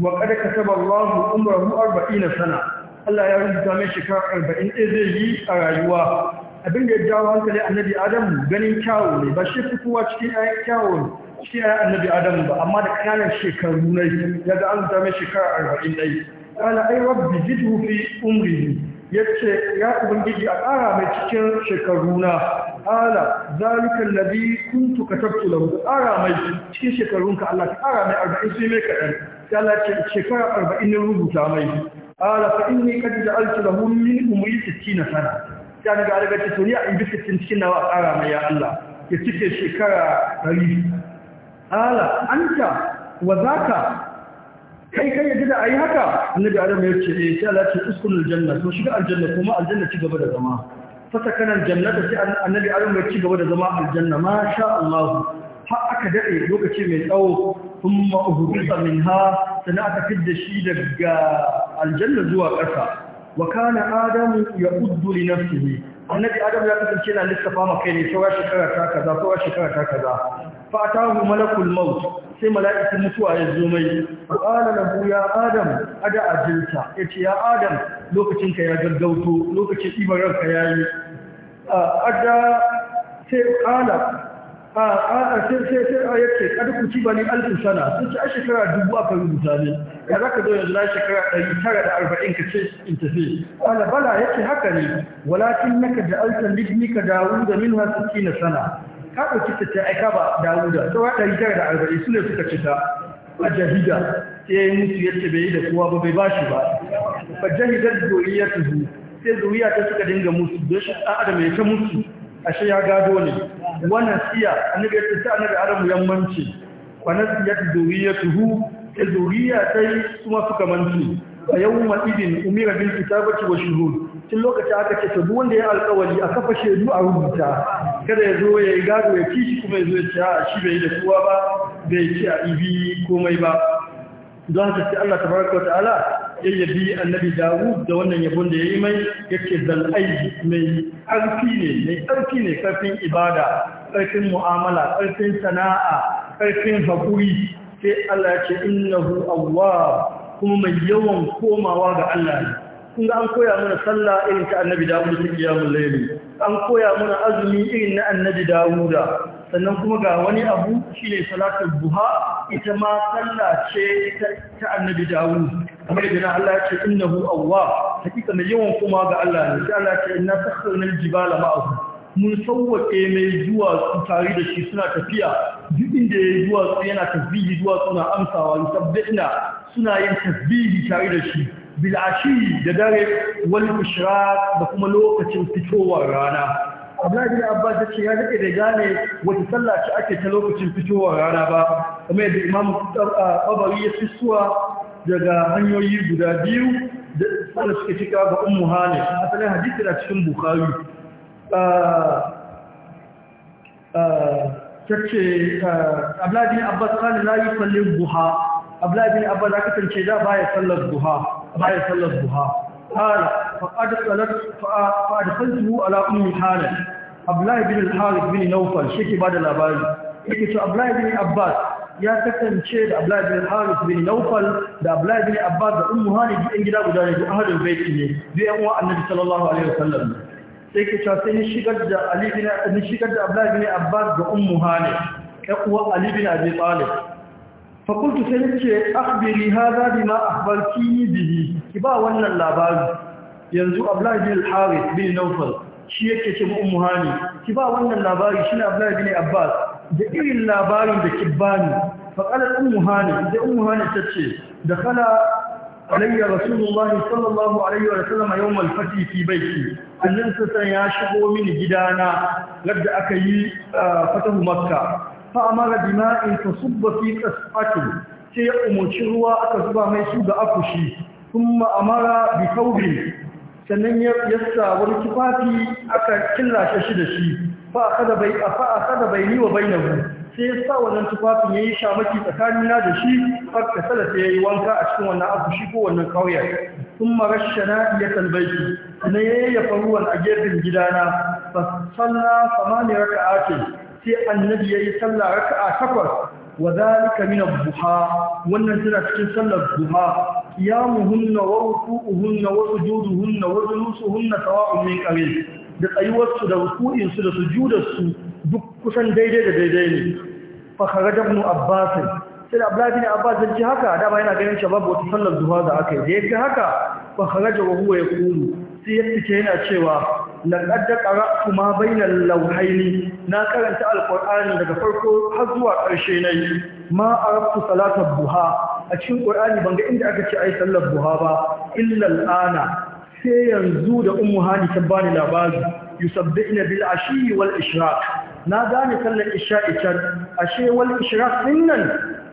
Speaker 2: wa qad kataba Allahu arba'in na sana Allah ya rubuta mai shekara arba'in ɗin zai yi a rayuwa abin da ya jawo hankali annabi adamu ganin kyawu ne ba shi fi kowa cikin ayan kyawu cikin ayan annabi adamu ba amma da ƙananan shekaru ne ya ga an zama mai arba'in ɗaya ƙala ai rabbi zidhu fi umrihi yace ya ubangiji a ƙara mai cikin shekaru na ala zalika alladhi kuntu katabtu lahu ƙara mai cikin shekarunka Allah ka ƙara mai arba'in sai mai kaɗan ya ce shekara arba'in ne rubuta mai qala fa inni qad ja'altu lahu min umri 60 sana sai ga daga ce to a in bi 60 cikin nawa ƙara mai ya Allah ya cike shekara 100 qala anta wa zaka kai kai yaji da ayi haka annabi adam ya ce eh sai Allah ce uskunul janna to shiga aljanna kuma aljanna ci gaba da zama fasakana aljannata sai annabi adam ya ci gaba da zama aljanna ma sha Allah har aka dade lokaci mai tsawo kuma uhubita minha sana'a aka fidda shi daga aljanna zuwa ƙasa wa kana adamu ya uddu li nafsihi annabi adam ya kasance yana lissafa ma kai ne saura shekara ta kaza saura shekara ta kaza fa atahu malakul maut sai mala'ikun mutuwa ya zo mai qala lahu ya adam ada ajilta yace ya adam lokacin ka ya gaggauto lokacin ibarar ka yayi ada sai qala a sai sai sai a yake kada ku ci bani alfu sana sun ci a shekara dubu aka rubuta ne ya zaka zo yanzu na shekara ɗari tara da arba'in ka ce in tafi ala bala yake haka ne walakin naka da altan ka dawu da minha na sana ka ɗauki ta ta aika ba dawuda saura ɗari tara da arba'in su ne suka cika a jahida sai ya yi musu yadda bai yi da kowa ba bai bashi ba Ba jahidar zuriya ta zu sai zuriya ta suka dinga musu don shi ɗan adam ya ta musu ashe ya gado ne wa siya annabi ya ce annabi adam yammanci siya ta zuriya ta zuriya yi kuma suka kamanci a ma idin umira ba kitabati wa shuhud tun lokaci aka ce ta duk wanda ya alƙawari a kafa shaidu a rubuta kada ya zo ya yi gado ya ci shi kuma ya zo ya ci a shi bai da kowa ba bai ci a ibi komai ba don haka sai Allah Ta Wa ta'ala ya yabi annabi Dawud da wannan yabon da yi mai yake zal'ai mai ƙarfi ne mai ƙarfi ne ƙarfin ibada ƙarfin mu'amala ƙarfin sana'a ƙarfin hakuri sai Allah ya ce innahu Allah kuma mai yawan komawa ga Allah ne kun ga an koya mana sallah irin ta annabi Dawud ta kiyamul layli an koya mana azumi irin na annabi Dawuda sannan kuma ga wani abu shi ne salatar buha, ita ma kalla ce ta annabi dawun kamar da Allah ce inna hu awwa hakika mai yawan kuma ga Allah ne sai Allah ce inna sakharna jibala ma'ahu mun sawwake mai zuwa su tare da shi suna tafiya duk inda ya zuwa su yana tasbihi zuwa suna amsawa yusabbihna suna yin tasbihi tare da shi bil da dare wal ishraq da kuma lokacin fitowar rana Abdullahi bin Abbas yace ya rike da gane wata sallah ce ake ta lokacin fitowar rana ba kamar yadda Imam Tabari ya fisuwa daga hanyoyi guda biyu da wanda suke cika ga Ummu Hani asalin hadisi da cikin Bukhari ah, ah, tace ah, Abdullahi bin Abbas kana la yusalli duha Abdullahi bin Abbas ya kasance da baya sallar duha baya sallar duha قال فأدخلت فأدخلته على أم حالة abdullahi bin al-harith bin nawfal shi ke bada labari yake to abdullahi bin abbas ya kasance da abdullahi bin al-harith bin nawfal da abdullahi bin abbas da ummu hani gidan gida guda ne duk ahlul baiti ne duk yan uwa annabi sallallahu alaihi wasallam sai ke cewa sai ni shigar da ali bin ni shigar da abdullahi bin abbas da ummu hani yan uwa ali bin abi talib fa qultu sai nace akhbiri hadha bima akhbartini bihi ki ba wannan labari yanzu abdullahi bin al-harith bin nawfal shi yake ce ma ki ba wannan labari shi na Abdullahi Abbas da irin labarin da ki bani fa qalat ummu hani da ummu hani tace dakhala علي رسول الله صلى الله عليه وسلم يوم الفتح في بيتي annan sassan ya shigo mini gidana ladda aka yi fatahu makka fa amara dima'in tasubba fi qas'ati sai ya umarci ruwa aka zuba mai su ga akushi kuma amara bi sannan ya yasa wani tufafi aka killashe shi da shi fa kada bai yi bai wa bainahu sai yasa wannan tufafin yayi shamaki tsakanina da shi har da sala ya yayi wanka a cikin wannan abu shi ko wannan kauya Tumma rashana ya talbaiki na ya faruwan a gefen gidana fa salla raka'a ce. sai annabi yayi sallah raka'a takwas wa za zalika min mina buha, wannan tana cikin sallar buha. duha qiyamuhunna wa ruku'uhunna wa sujuduhunna wa julusuhunna sawa'un min qabil da tsayuwarsu da ruku'in su da sujudarsu duk kusan daidai da daidai ne fa kharaja ibn abbas sai abdullahi ibn abbas ya ji haka da ba yana ganin shabab wata sallar duha da aka yi da yake haka fa kharaja wa huwa yaqulu sai ya fice yana cewa laqad qara'tu ma bainal lawhayn na karanta alqur'ani daga farko har zuwa ƙarshe nayi ma arabtu salatar buha a cikin ban banga inda aka ce ai sallar buha ba illa al'ana sai yanzu da ummu hani ta bani labari yusabbihna bil ashi wal ishraq na gane sallar isha can ashe wal ishraq din nan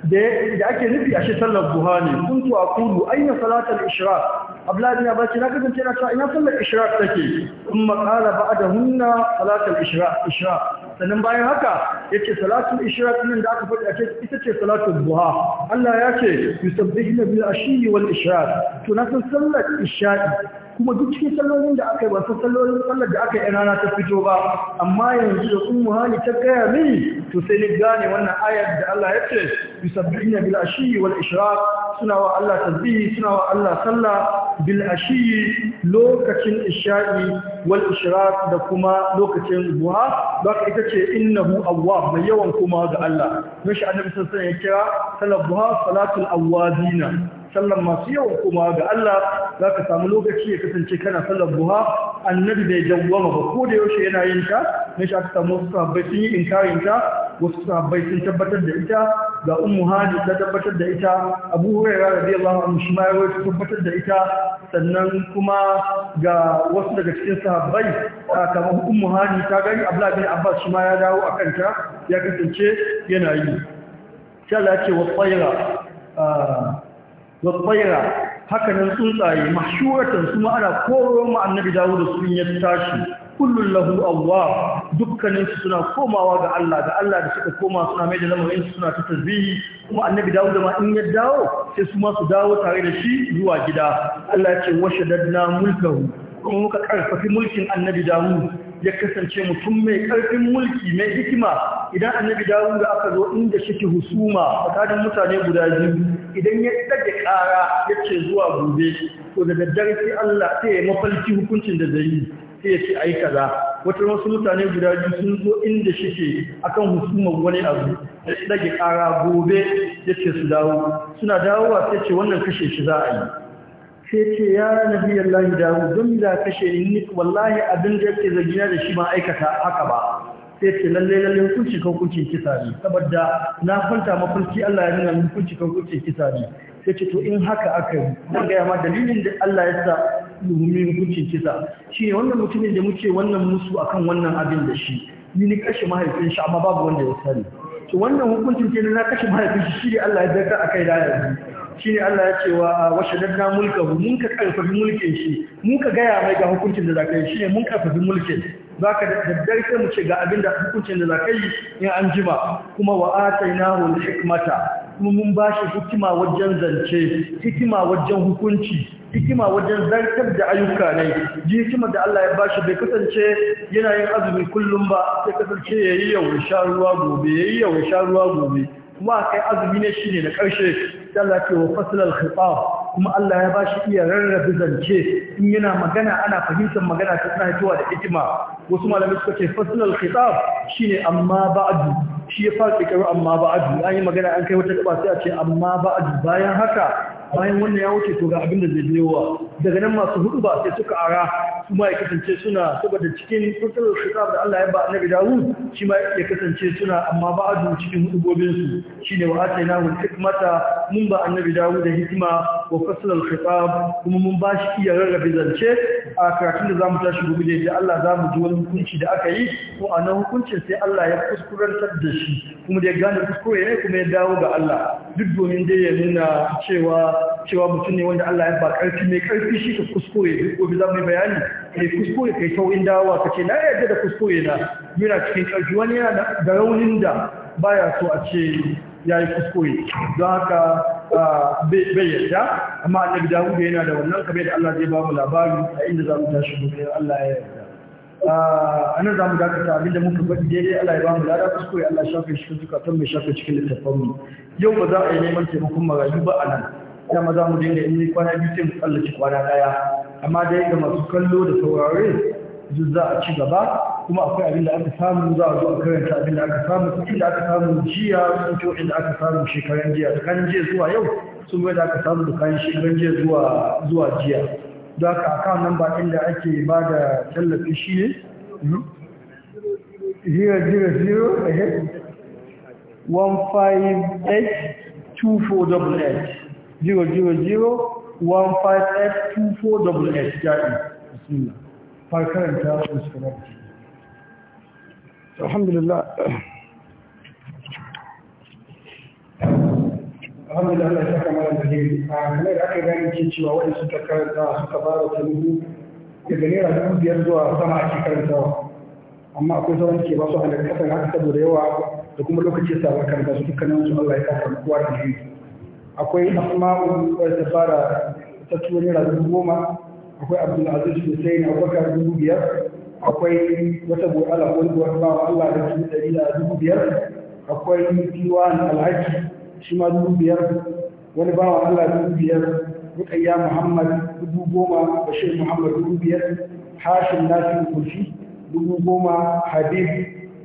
Speaker 2: da ake nufi ashe sallar buha ne kuntu Kulu ayna salatul ishraq abdullahi ya abbas na kasance na cewa ina sallar ishraq take kuma qala da salatul ishraq ishraq sannan bayan haka yace salatul ishraq nan da aka faɗi ake ita ce salatul buha Allah ya ce yusabbihuna bil ashi wal ishraq to na san sallar ishraq kuma duk cikin sallolin da aka yi ba su sallolin sallar da aka yi rana ta fito ba amma yanzu da ummu hali ta gaya mini to sai ni gane wannan ayar da Allah ya ce yusabbihuna bil ashi wal ishraq suna wa Allah tasbihi suna wa Allah sallah bil'ashi lokacin isha'i wal ishraq da kuma lokacin duha ka ita ce innahu awwab mai yawan kuma ga Allah don annabi sallallahu ya kira salat duha salatul awwabina sallan masu yawan kuma ga Allah za ka samu lokaci ya kasance kana sallan buha annabi bai jawwama ba ko da yaushe yana yin ta ne shi aka samu wasu sahabbai sun yi inkarin ta wasu sahabbai sun tabbatar da ita ga ummu hadi ta tabbatar da ita abu hurairah radiyallahu anhu shi ma ya tabbatar da ita sannan kuma ga wasu daga cikin sahabbai kamar ummu hadi ta gani abdullahi bin abbas shi ma ya dawo a kanta ya kasance yana yi. Sha Allah wa tsaira ah, wabaira haka nan tsuntsaye mashuratan su ana koro ma dawo da sun ya tashi kullum lahu Allah dukkanin su suna komawa ga Allah ga Allah da suka koma suna mai da lamarin su suna ta tasbihi kuma annabi Dawud ma in ya dawo sai su ma su dawo tare da shi zuwa gida Allah ya ce washadadna mulkahu kuma muka karfafi mulkin annabi dawo. ya kasance mutum mai ƙarfin mulki mai hikima idan annabi dawo da aka zo inda ke husuma tsakanin mutane guda biyu idan ya tsage ƙara ya ce zuwa gobe to da daddare sai Allah sai ya mafalki hukuncin da zai yi sai ya ce ai kaza wata wasu mutane guda biyu sun zo inda shi ke akan husumar wani abu ya tsage ƙara gobe ya ce su dawo suna dawowa sai ce wannan kashe shi za a yi sai ce ya nabi da dawo don da kashe ni wallahi abin da yake zargina da shi ba aikata haka ba sai ce lalle lalle hukunci kan hukuncin kisa ne saboda na kwanta mafarki Allah ya nuna min hukunci kan hukuncin kisa ne sai ce to in haka aka yi zan gaya ma dalilin da Allah ya sa muhimmin hukuncin kisa Shi ne wannan mutumin da muke wannan musu akan wannan abin da shi ni ni kashe mahaifin shi amma babu wanda ya sani to wannan hukuncin kenan na kashe mahaifin shi shi Allah ya zarta akai da yanzu ne Allah ya ce wa mulka mulkahu mun ka karfafi mulkin shi mun ka gaya mai ga hukuncin da zakai ne mun karfafi mulkin zaka ka daddare sai mu ce ga abin da hukuncin da zakai in an jima kuma wa hu hikmata kuma mun shi hikima wajen zance hikima wajen hukunci hikima wajen zartar da ayyuka ne ji hikimar da Allah ya bashi bai kasance yana yin azumi kullum ba sai kasance yayi yi ya sha ruwa gobe yayi yi ya sha ruwa gobe kuma kai azumi ne shine na karshe Allah ke wa faslal khitab kuma Allah ya bashi iya rarrabe zance in yana magana ana fahimtar magana ta tana hitowa da hikima wasu malamai suka ce faslal khitab shine amma ba'adu shi ya fara karu amma ba'adu an yi magana an kai wata gaba sai a ce amma ba'adu bayan haka bayan wannan ya wuce to ga abin da zai biyowa daga nan masu hudu ba sai suka ara kuma ya kasance suna saboda cikin tutsalar shekar da Allah ya ba annabi Dawud shi ma ya kasance suna amma ba a cikin hudu gobin su shine wa atayna wal hikmata mun ba annabi Dawud da hikima wa fasalal khitab kuma mun ba shi iya rarrabe zance a karatun da zamu tashi gobe da Allah zamu ji wani hukunci da aka yi ko a nan hukuncin sai Allah ya kuskurantar da shi kuma da ya gane kuskure ne kuma ya dawo ga Allah duk domin dai ya nuna cewa cewa mutum ne wanda Allah ya ba karfi mai karfi shi ka kuskure duk gobe za mu bayani kai kuskure kai taurin dawowa kace na yadda da kuskure na yana cikin karfi wani yana da raunin da baya so a ce ya yi kuskure don haka bai yarda amma annabi Dawud yana da wannan kabe da Allah zai ba mu labari a inda za mu tashi gobe Allah ya yarda a nan za mu dakata abinda muka faɗi daidai Allah ya ba mu lada kuskure Allah shafe shi cikin zukatan mai shafe cikin mu. yau ba za a yi neman taimakon marayu ba a nan dama za mu dinga in kwana biyu sai mu tsallaci kwana daya amma dai ga masu kallo da saurare duk za a ci gaba kuma akwai abin da aka samu za a zo a karanta abin da aka samu kuɗi da aka samu jiya sun ci da aka samu shekaran jiya tsakanin jiya zuwa yau sun bai da aka samu tsakanin shekaran jiya zuwa zuwa jiya don haka kan nan ba inda ake ba da tallafi shi ne hmm? zero zero zero eh, one five eight two four double eight 000-15F2488 jaɗi da
Speaker 1: alhamdulillah
Speaker 2: alhamdulillah da aka cewa waɗanda suka karanta suka fara amma akwai sauran ke ba su yawa da kuma lokacin sa ba su dukkanin su Allah ya kowa da akwai asma'u wadda ta fara ta tuwo naira goma akwai abdul aziz hussein abubakar dubu biyar akwai wata buwala ko dubu bawa allah da dubu ɗari da dubu biyar akwai diwan alhaji shi ma dubu biyar wani bawa allah dubu biyar rukayya muhammad dubu goma bashir muhammad dubu biyar hashim nasir kulfi dubu goma habib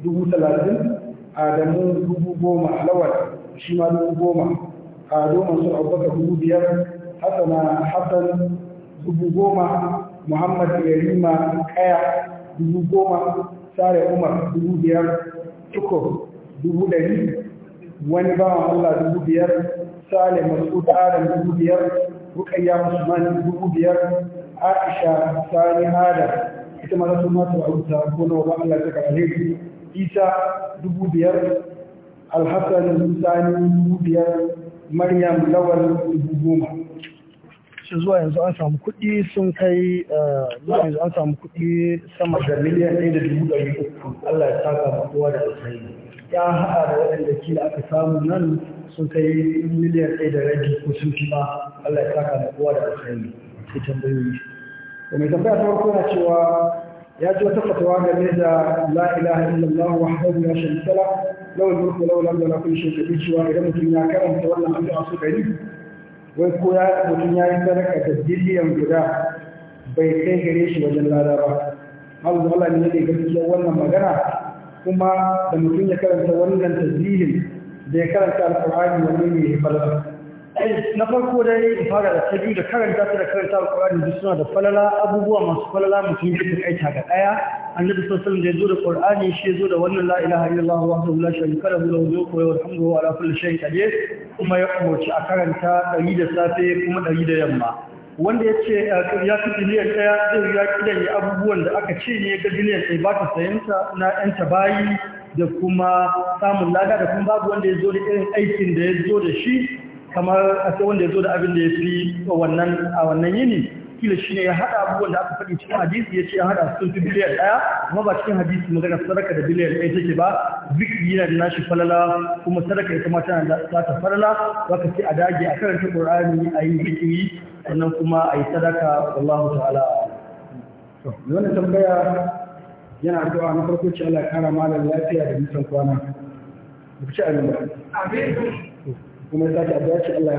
Speaker 2: dubu talatin adamu dubu goma lawal shi ma dubu goma ado mansur abubakar dubu biyar hassana hassan dubu goma muhammad yarima kaya dubu goma sare umar dubu biyar tukur dubu ɗari wani bawan allah dubu biyar sale Masu adam dubu biyar rukayya musulman dubu biyar aisha sani adam ita ma za su mata a wuta ko nawa ba allah ta kafare isa dubu biyar alhassan sani dubu biyar maryam lawal goma shi zuwa yanzu an samu kuɗi sun kai eh, yanzu an samu kuɗi sama da miliyan ɗaya da dubu ɗari uku allah ya saka ma kowa da alkhairi ya haɗa da waɗanda kila aka samu nan sun kai miliyan ɗaya da rabi ko sun fi ma allah ya saka ma kowa da alkhairi sai tambayoyi da mai tambaya ta farko na cewa ya ji wata fatawa game da la ilaha illallah wahdahu la sharika lahu lawan mulku lawan lamda na kun shi kabi cewa idan mutum ya karanta wannan addu'a su dari wai ko ya mutum ya yi sadaka da biliyan guda bai kai gare shi wajen lada ba Allah Allah ne yake gaskiya wannan magana kuma da mutum ya karanta wannan tasbihin da ya karanta alqur'ani wannan ne falala Eh, na farko dai in fara da ta biyu da karanta ta da karanta alƙur'ani duk suna da falala abubuwa masu falala mutum ya takaita ga ɗaya annabi sallallahu alaihi wasallam da qur'ani shi zo da wannan la ilaha illallah wahdahu la sharika lahu lahu mulku wa yahmudu ala kulli shay'in qadir kuma ya umarci a karanta ɗari da safe kuma ɗari da yamma wanda ya ce ah, ya fi biliyan ɗaya zai ya kidan ya abubuwan da aka ce ne ga biliyan ɗaya ba ta sayanta na ƴanta bayi da kuma samun lada da kuma babu wanda ya zo da irin aikin da ya zo da shi kamar akwai wanda ya zo da abin da ya fi wannan a wannan yini kila shi ne ya haɗa abubuwan da aka faɗi cikin hadisi ya ce ya haɗa sun fi biliyar ɗaya kuma ba cikin hadisi magana sadaka da biliyar ɗaya take ba zikiri yana da nashi falala kuma sadaka ita ma tana da ta falala za ka ce a dage a karanta ƙur'ani a yi zikiri sannan kuma a yi sadaka wallahu ta'ala wannan tambaya yana na farko ce Allah kara malam lafiya da nisan kwana. ci abin ba. kuma ya sake addu'a ce Allah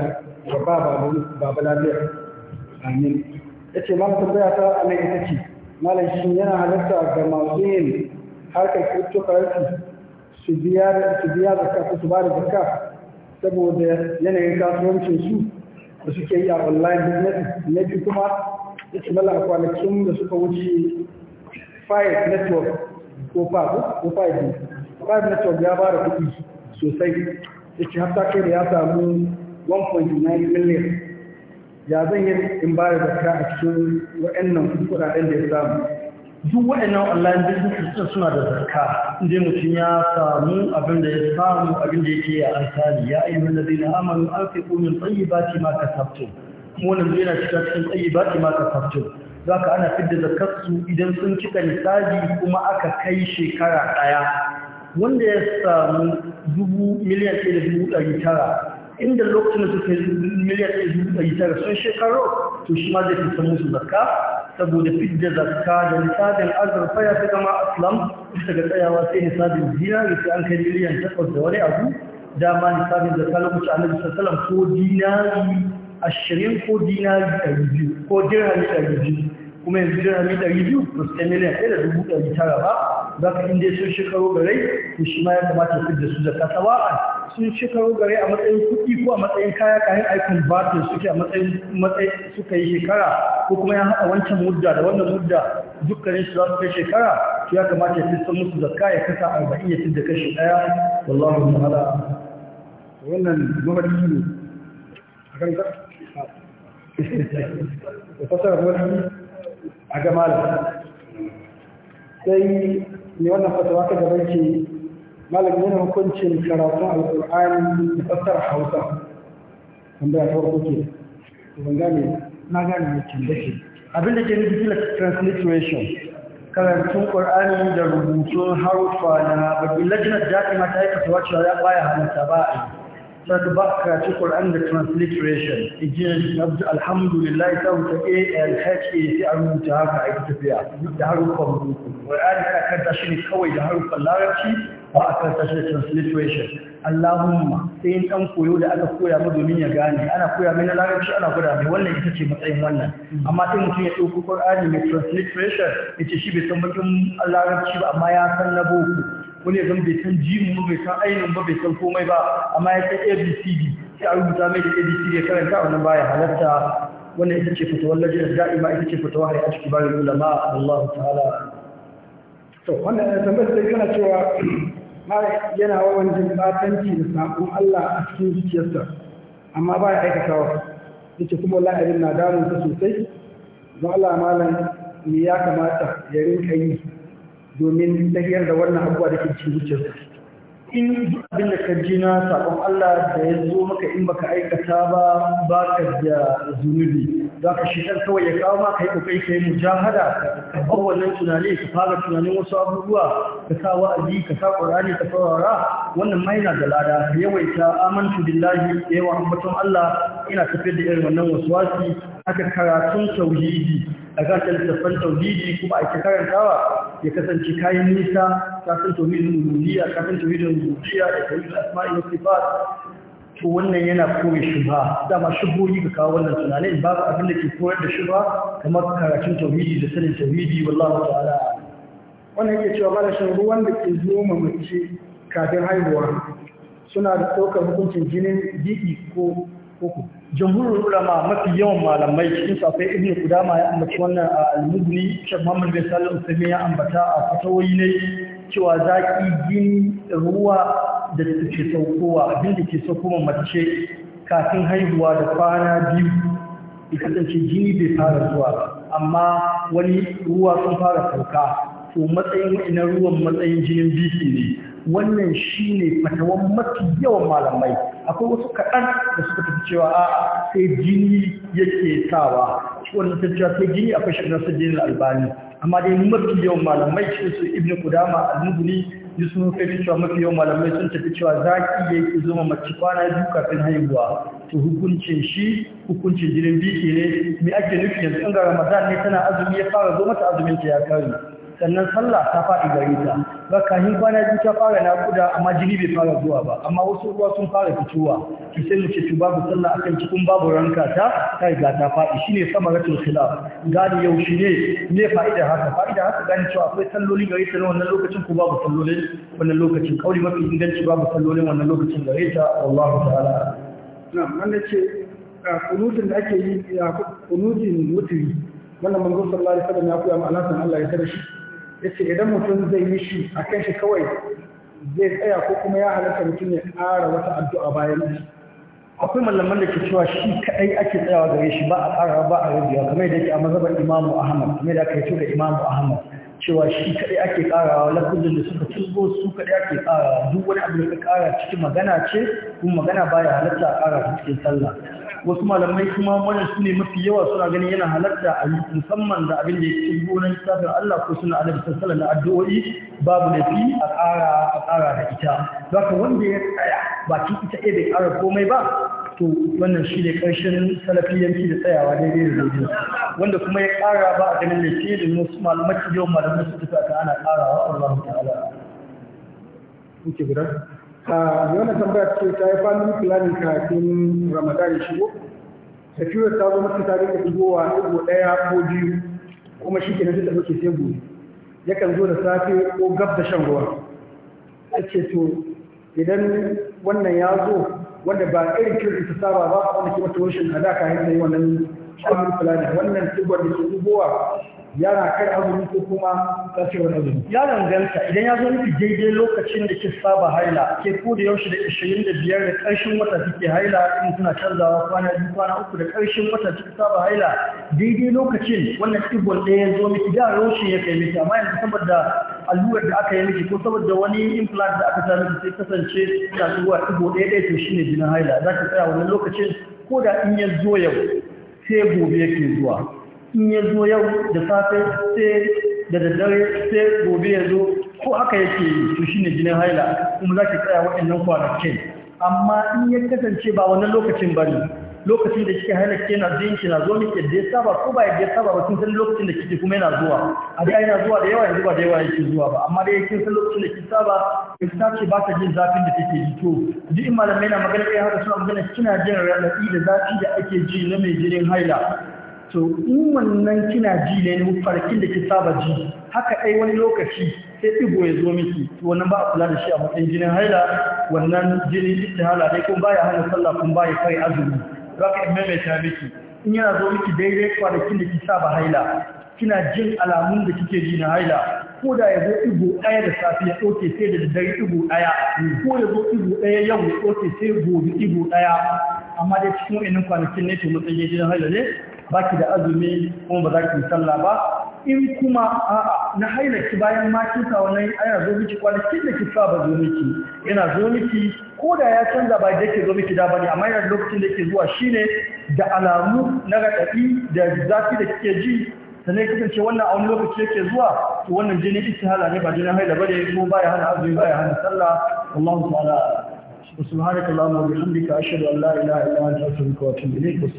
Speaker 2: ya ba babu lafiya amin yace ma tambaya ta anan ita ce malam shin yana halarta ga masu yin harkar cryptocurrency su biya su biya zakka su ba da zakka saboda yanayin kasuwancin su da suke yi a online business na biyu kuma yace malam a kwanakin da suka wuce fire network ko fa ko fire network ya ba da kuɗi sosai yake hatta kai ya samu 1.9 million ya zan yi in ba da zakka a cikin wa'annan kudaden da ya samu duk wa'annan online business din suna da zakka inda mutum ya samu abin da ya samu abin da yake ya ansari ya ayyuhan ladina amanu anfiqu min tayyibati ma kasabtum wannan cika cikin cikin tayyibati ma Za zaka ana fidda zakkar idan sun cika nisabi kuma aka kai shekara daya wanda ya samu dubu miliyan ɗaya da dubu ɗari tara inda lokacin da suka yi miliyan ɗaya dubu ɗari tara sun shekaru to shi ma zai fita musu zakka saboda fit da zakka da nisabin azurfa ya fi zama aslam bisa ga tsayawa sai nisabin ya sai an kai miliyan takwas da wani abu dama nisabin zakka lokacin annabi sallallahu ko dinari ashirin ko dinari ɗari biyu ko dirhami ɗari biyu kuma yanzu dirhami ɗari biyu ba su kai miliyan ɗaya da dubu ɗari tara ba za ka inda sun shekaru gare to shi ma ya kamata ya fidda su zakka sawa'an sun shekaru gare a matsayin kuɗi ko a matsayin kaya kayan aikin batin suke a matsayin matsayin suka yi shekara ko kuma ya haɗa wancan mudda da wannan mudda dukkanin su za su kai shekara to ya kamata ya fidda musu zakka ya kasa arba'in ya fidda kashi ɗaya wallahu ta'ala wannan mafarki ne a kan ka da fasara mafarki a ga malam sai ne wannan fatawa ka gaban ke malam yana hukuncin karatun alƙur'ani da fassar hausa wanda ya farko ke ban gane na gane mai kin dake abin da ke nufi kila transliteration karantun qur'ani da rubutun harufa na bakin lajinar daɗi ma ta yi fatawa cewa ya baya hannunta ba a yi saka ba kaci Qur'an da transliteration ijin abdu alhamdulillah ta wuta a sai a rubuta haka a tafiya da harufan boko Qur'ani ka karanta shi ne kawai da harufan larabci ba a karanta shi da transliteration Allahumma sai in ɗan koyo da aka koya mu domin ya gane ana koya mai na larabci ana gwada mai wannan ita ce matsayin wannan amma sai mutum ya ɗauki Qur'ani mai transliteration Ita ce shi bai san bakin larabci ba amma ya san na boko wani ya zama bai san jimu ba bai san ainihin ba bai san komai ba amma ya san abcd sai a rubuta mai da abcd ya karanta wannan baya halatta wannan ita ce fitowar lajiyar da'ima ita ce fitowar a ba bayan ulama Allah ta'ala to wannan tambayar da yana cewa yana wawan jin batanci da sakon Allah a cikin zuciyarsa amma ba ya aikatawa ce kuma wallahi abin na damun ta sosai don Allah malam me ya kamata ya rinka yi domin tafiyar da wannan abuwa da ke cikin zuciyarsa in abin da ka ji na sakon Allah da ya zo maka in baka aikata ba ba ka da zunubi za ka shi kawai ya kawo maka yi kokari ka yi mujahada ka bar wannan tunani ka fara tunanin wasu abubuwa ka sa wa'azi ka sa qur'ani ka saurara wannan ma yana da lada ka yawaita amantu billahi yawan ambaton Allah ina tafiyar da irin wannan waswasi aka karatun tauhidi a zaka littafan tauhidi kuma ake karantawa ya kasance kayan nisa ka san tauhidin rububiyya ka tauhidin rububiyya da tauhidin asma'i wa sifat to wannan yana kore shubha dama shubhoyi ga kawo wannan tunanin babu abin da ke koyar da shubha kamar karatun tauhidi da sanin tauhidi wallahu ta'ala wannan yake cewa da shan ruwan da ke zo ma mace kafin haihuwa suna da ɗaukar hukuncin jinin gidi ko uku jamhurin ulama mafi yawan malamai cikin safai ibn kudama ya ambaci wannan a almugni shek muhammad bin salim usaimi ya ambata a fatawai ne cewa zaki gini ruwa da ke saukowa abin da ke saukowa mace kafin haihuwa da kwana biyu ya kasance jini bai fara zuwa amma wani ruwa sun fara sauka to matsayin wa'ina ruwan matsayin jinin biki ne wannan shine fatawan mafi yawan malamai akwai wasu kaɗan da suka tafi cewa a sai jini yake sawa wannan cewa sai jini akwai shi na sajin albani amma dai mafi yawan malamai ce su ibn kudama al-mudni yusuf kai cewa mafi yawan malamai sun tafi cewa zaki yake zuma mace kwana biyu kafin haihuwa to hukuncin shi hukuncin jinin biki ne me ake nufi yanzu in ga ramadan ne tana azumi ya fara zo mata azumin ta ya kare sannan sallah ta faɗi gare ta ba kahin kwana biyu ta fara naƙuda amma jini bai fara zuwa ba amma wasu ruwa sun fara fitowa ki sai mace tu babu sallah akan cikin babu ranka ta ta ga ta faɗi shine samaratul khilaf gani yau shine ne fa'ida haka fa'ida haka gani cewa akwai salloli gare ta wannan lokacin ku babu sallolin wannan lokacin kauri mafi inganci babu sallolin wannan lokacin gare ta wallahu ta'ala na wanda ce ah, kunutun da ake yi kunutun mutum wannan manzon sallallahu alaihi wasallam ya koya ma Allah san Allah ya tarashi shi yace idan mutum zai yi shi a kan shi kawai zai tsaya ko kuma ya halatta mutum ya ƙara wata addu'a bayan shi akwai malaman da ke cewa shi kaɗai ake tsayawa gare shi ba a ƙara ba a rabiya kamar da yake a mazhabar imamu ahmad kamar da aka yi da imamu ahmad cewa shi kaɗai ake ƙarawa lafuzin da suka cizgo su kaɗai ake ƙarawa duk wani abu da ka ƙara cikin magana ce kuma magana baya halatta a ƙara cikin sallah wasu malamai kuma wannan su ne mafi yawa suna ganin yana halatta a musamman da abin da ya ci gonan littafin Allah ko suna alaihi sallallahu na addu'o'i babu da fi a ƙara a ƙara da ita zaka wanda ya tsaya ba ki ita eh bai ƙara komai ba to wannan shi ne ƙarshen salafiyanci da tsayawa daidai da daidai wanda kuma ya ƙara ba a ganin da ke da wasu malamai yawan malamai su tafi ana ƙarawa Allah ta'ala. Kuke gudanar? yana tambaya ce ta yi family planning kafin ramadan shigo Da ta zo masa ta rika shigowa ɗigo ɗaya ko biyu kuma shi ke nasu da muke sai yakan zo da safe ko gab da shan ruwa ta ce to idan wannan ya zo wanda ba irin kirki ta saba ba wanda ke mata rashin a da kayan yi wannan family planning wannan tubar da ke shigowa yana kai azumi ko kuma wani azumi ya danganta idan ya zo miki daidai lokacin da ke saba haila ke ko da yaushe da 25 da karshen wata kike haila in suna canzawa kwana biyu kwana uku da karshen wata kike saba haila daidai lokacin wannan tibon ɗaya ya zo miki da yaushe ya kai miki amma yanzu saboda allurar da aka yi miki ko saboda wani implant da aka sa miki sai kasance suna zuwa tibo ɗaya ɗaya to shine jinin haila za ka tsaya wannan lokacin ko da in ya zo yau sai gobe yake zuwa in ya zo yau da safe sai da daddare sai gobe ya zo ko haka yake yi shi ne jinin haila kuma za zaki tsaya waɗannan kwanakin amma in ya kasance ba wannan lokacin ne lokacin da kike haila kina jin kina zo miki da ya saba ko ba ya saba ba kin san lokacin da kike kuma yana zuwa a da yana zuwa da yawa yanzu ba da yawa yake zuwa ba amma dai kin san lokacin da kike saba kin sace ba ta jin zafin da kike ji to duk in malamai na magana kai haka suna magana kina jin raɗaɗi da zafi da ake ji na mai jinin haila to in wannan kina ji ne ne farkin da ki saba ji haka ai wani lokaci sai ɗigo ya zo miki to wannan ba a kula da shi a matsayin jinin haila wannan jinin istihala dai kun baya hana sallah kun baya kai azumi za ka in maimaita miki in yana zo miki daidai kwanakin da ki saba haila kina jin alamun da kike ji na haila ko da ya zo ɗigo ɗaya da safi ya ɗauke sai da daddare ɗigo ɗaya ko ya zo ɗigo ɗaya yau ya ɗauke sai gobe ɗigo ɗaya amma dai cikin wa'annan kwanakin ne to matsayin jinin haila ne Baki da azumi kuma ba za ki sallah ba in kuma a'a na ki bayan ma kin sa wannan ana zo miki kwanakin da ki saba zo miki ina zo miki ko da ya canza ba da ke zo miki da bane amma yana lokacin da ke zuwa shine da alamu na radadi da zafi da kike ji sannan kike ce wannan a wani lokaci yake zuwa to wannan jini istihala ne ba jinin haila bane ba baya hana azumi baya hana sallah Allahu ta'ala subhanakallahumma wa bihamdika ashhadu an la ilaha illa anta astaghfiruka wa atubu ilayk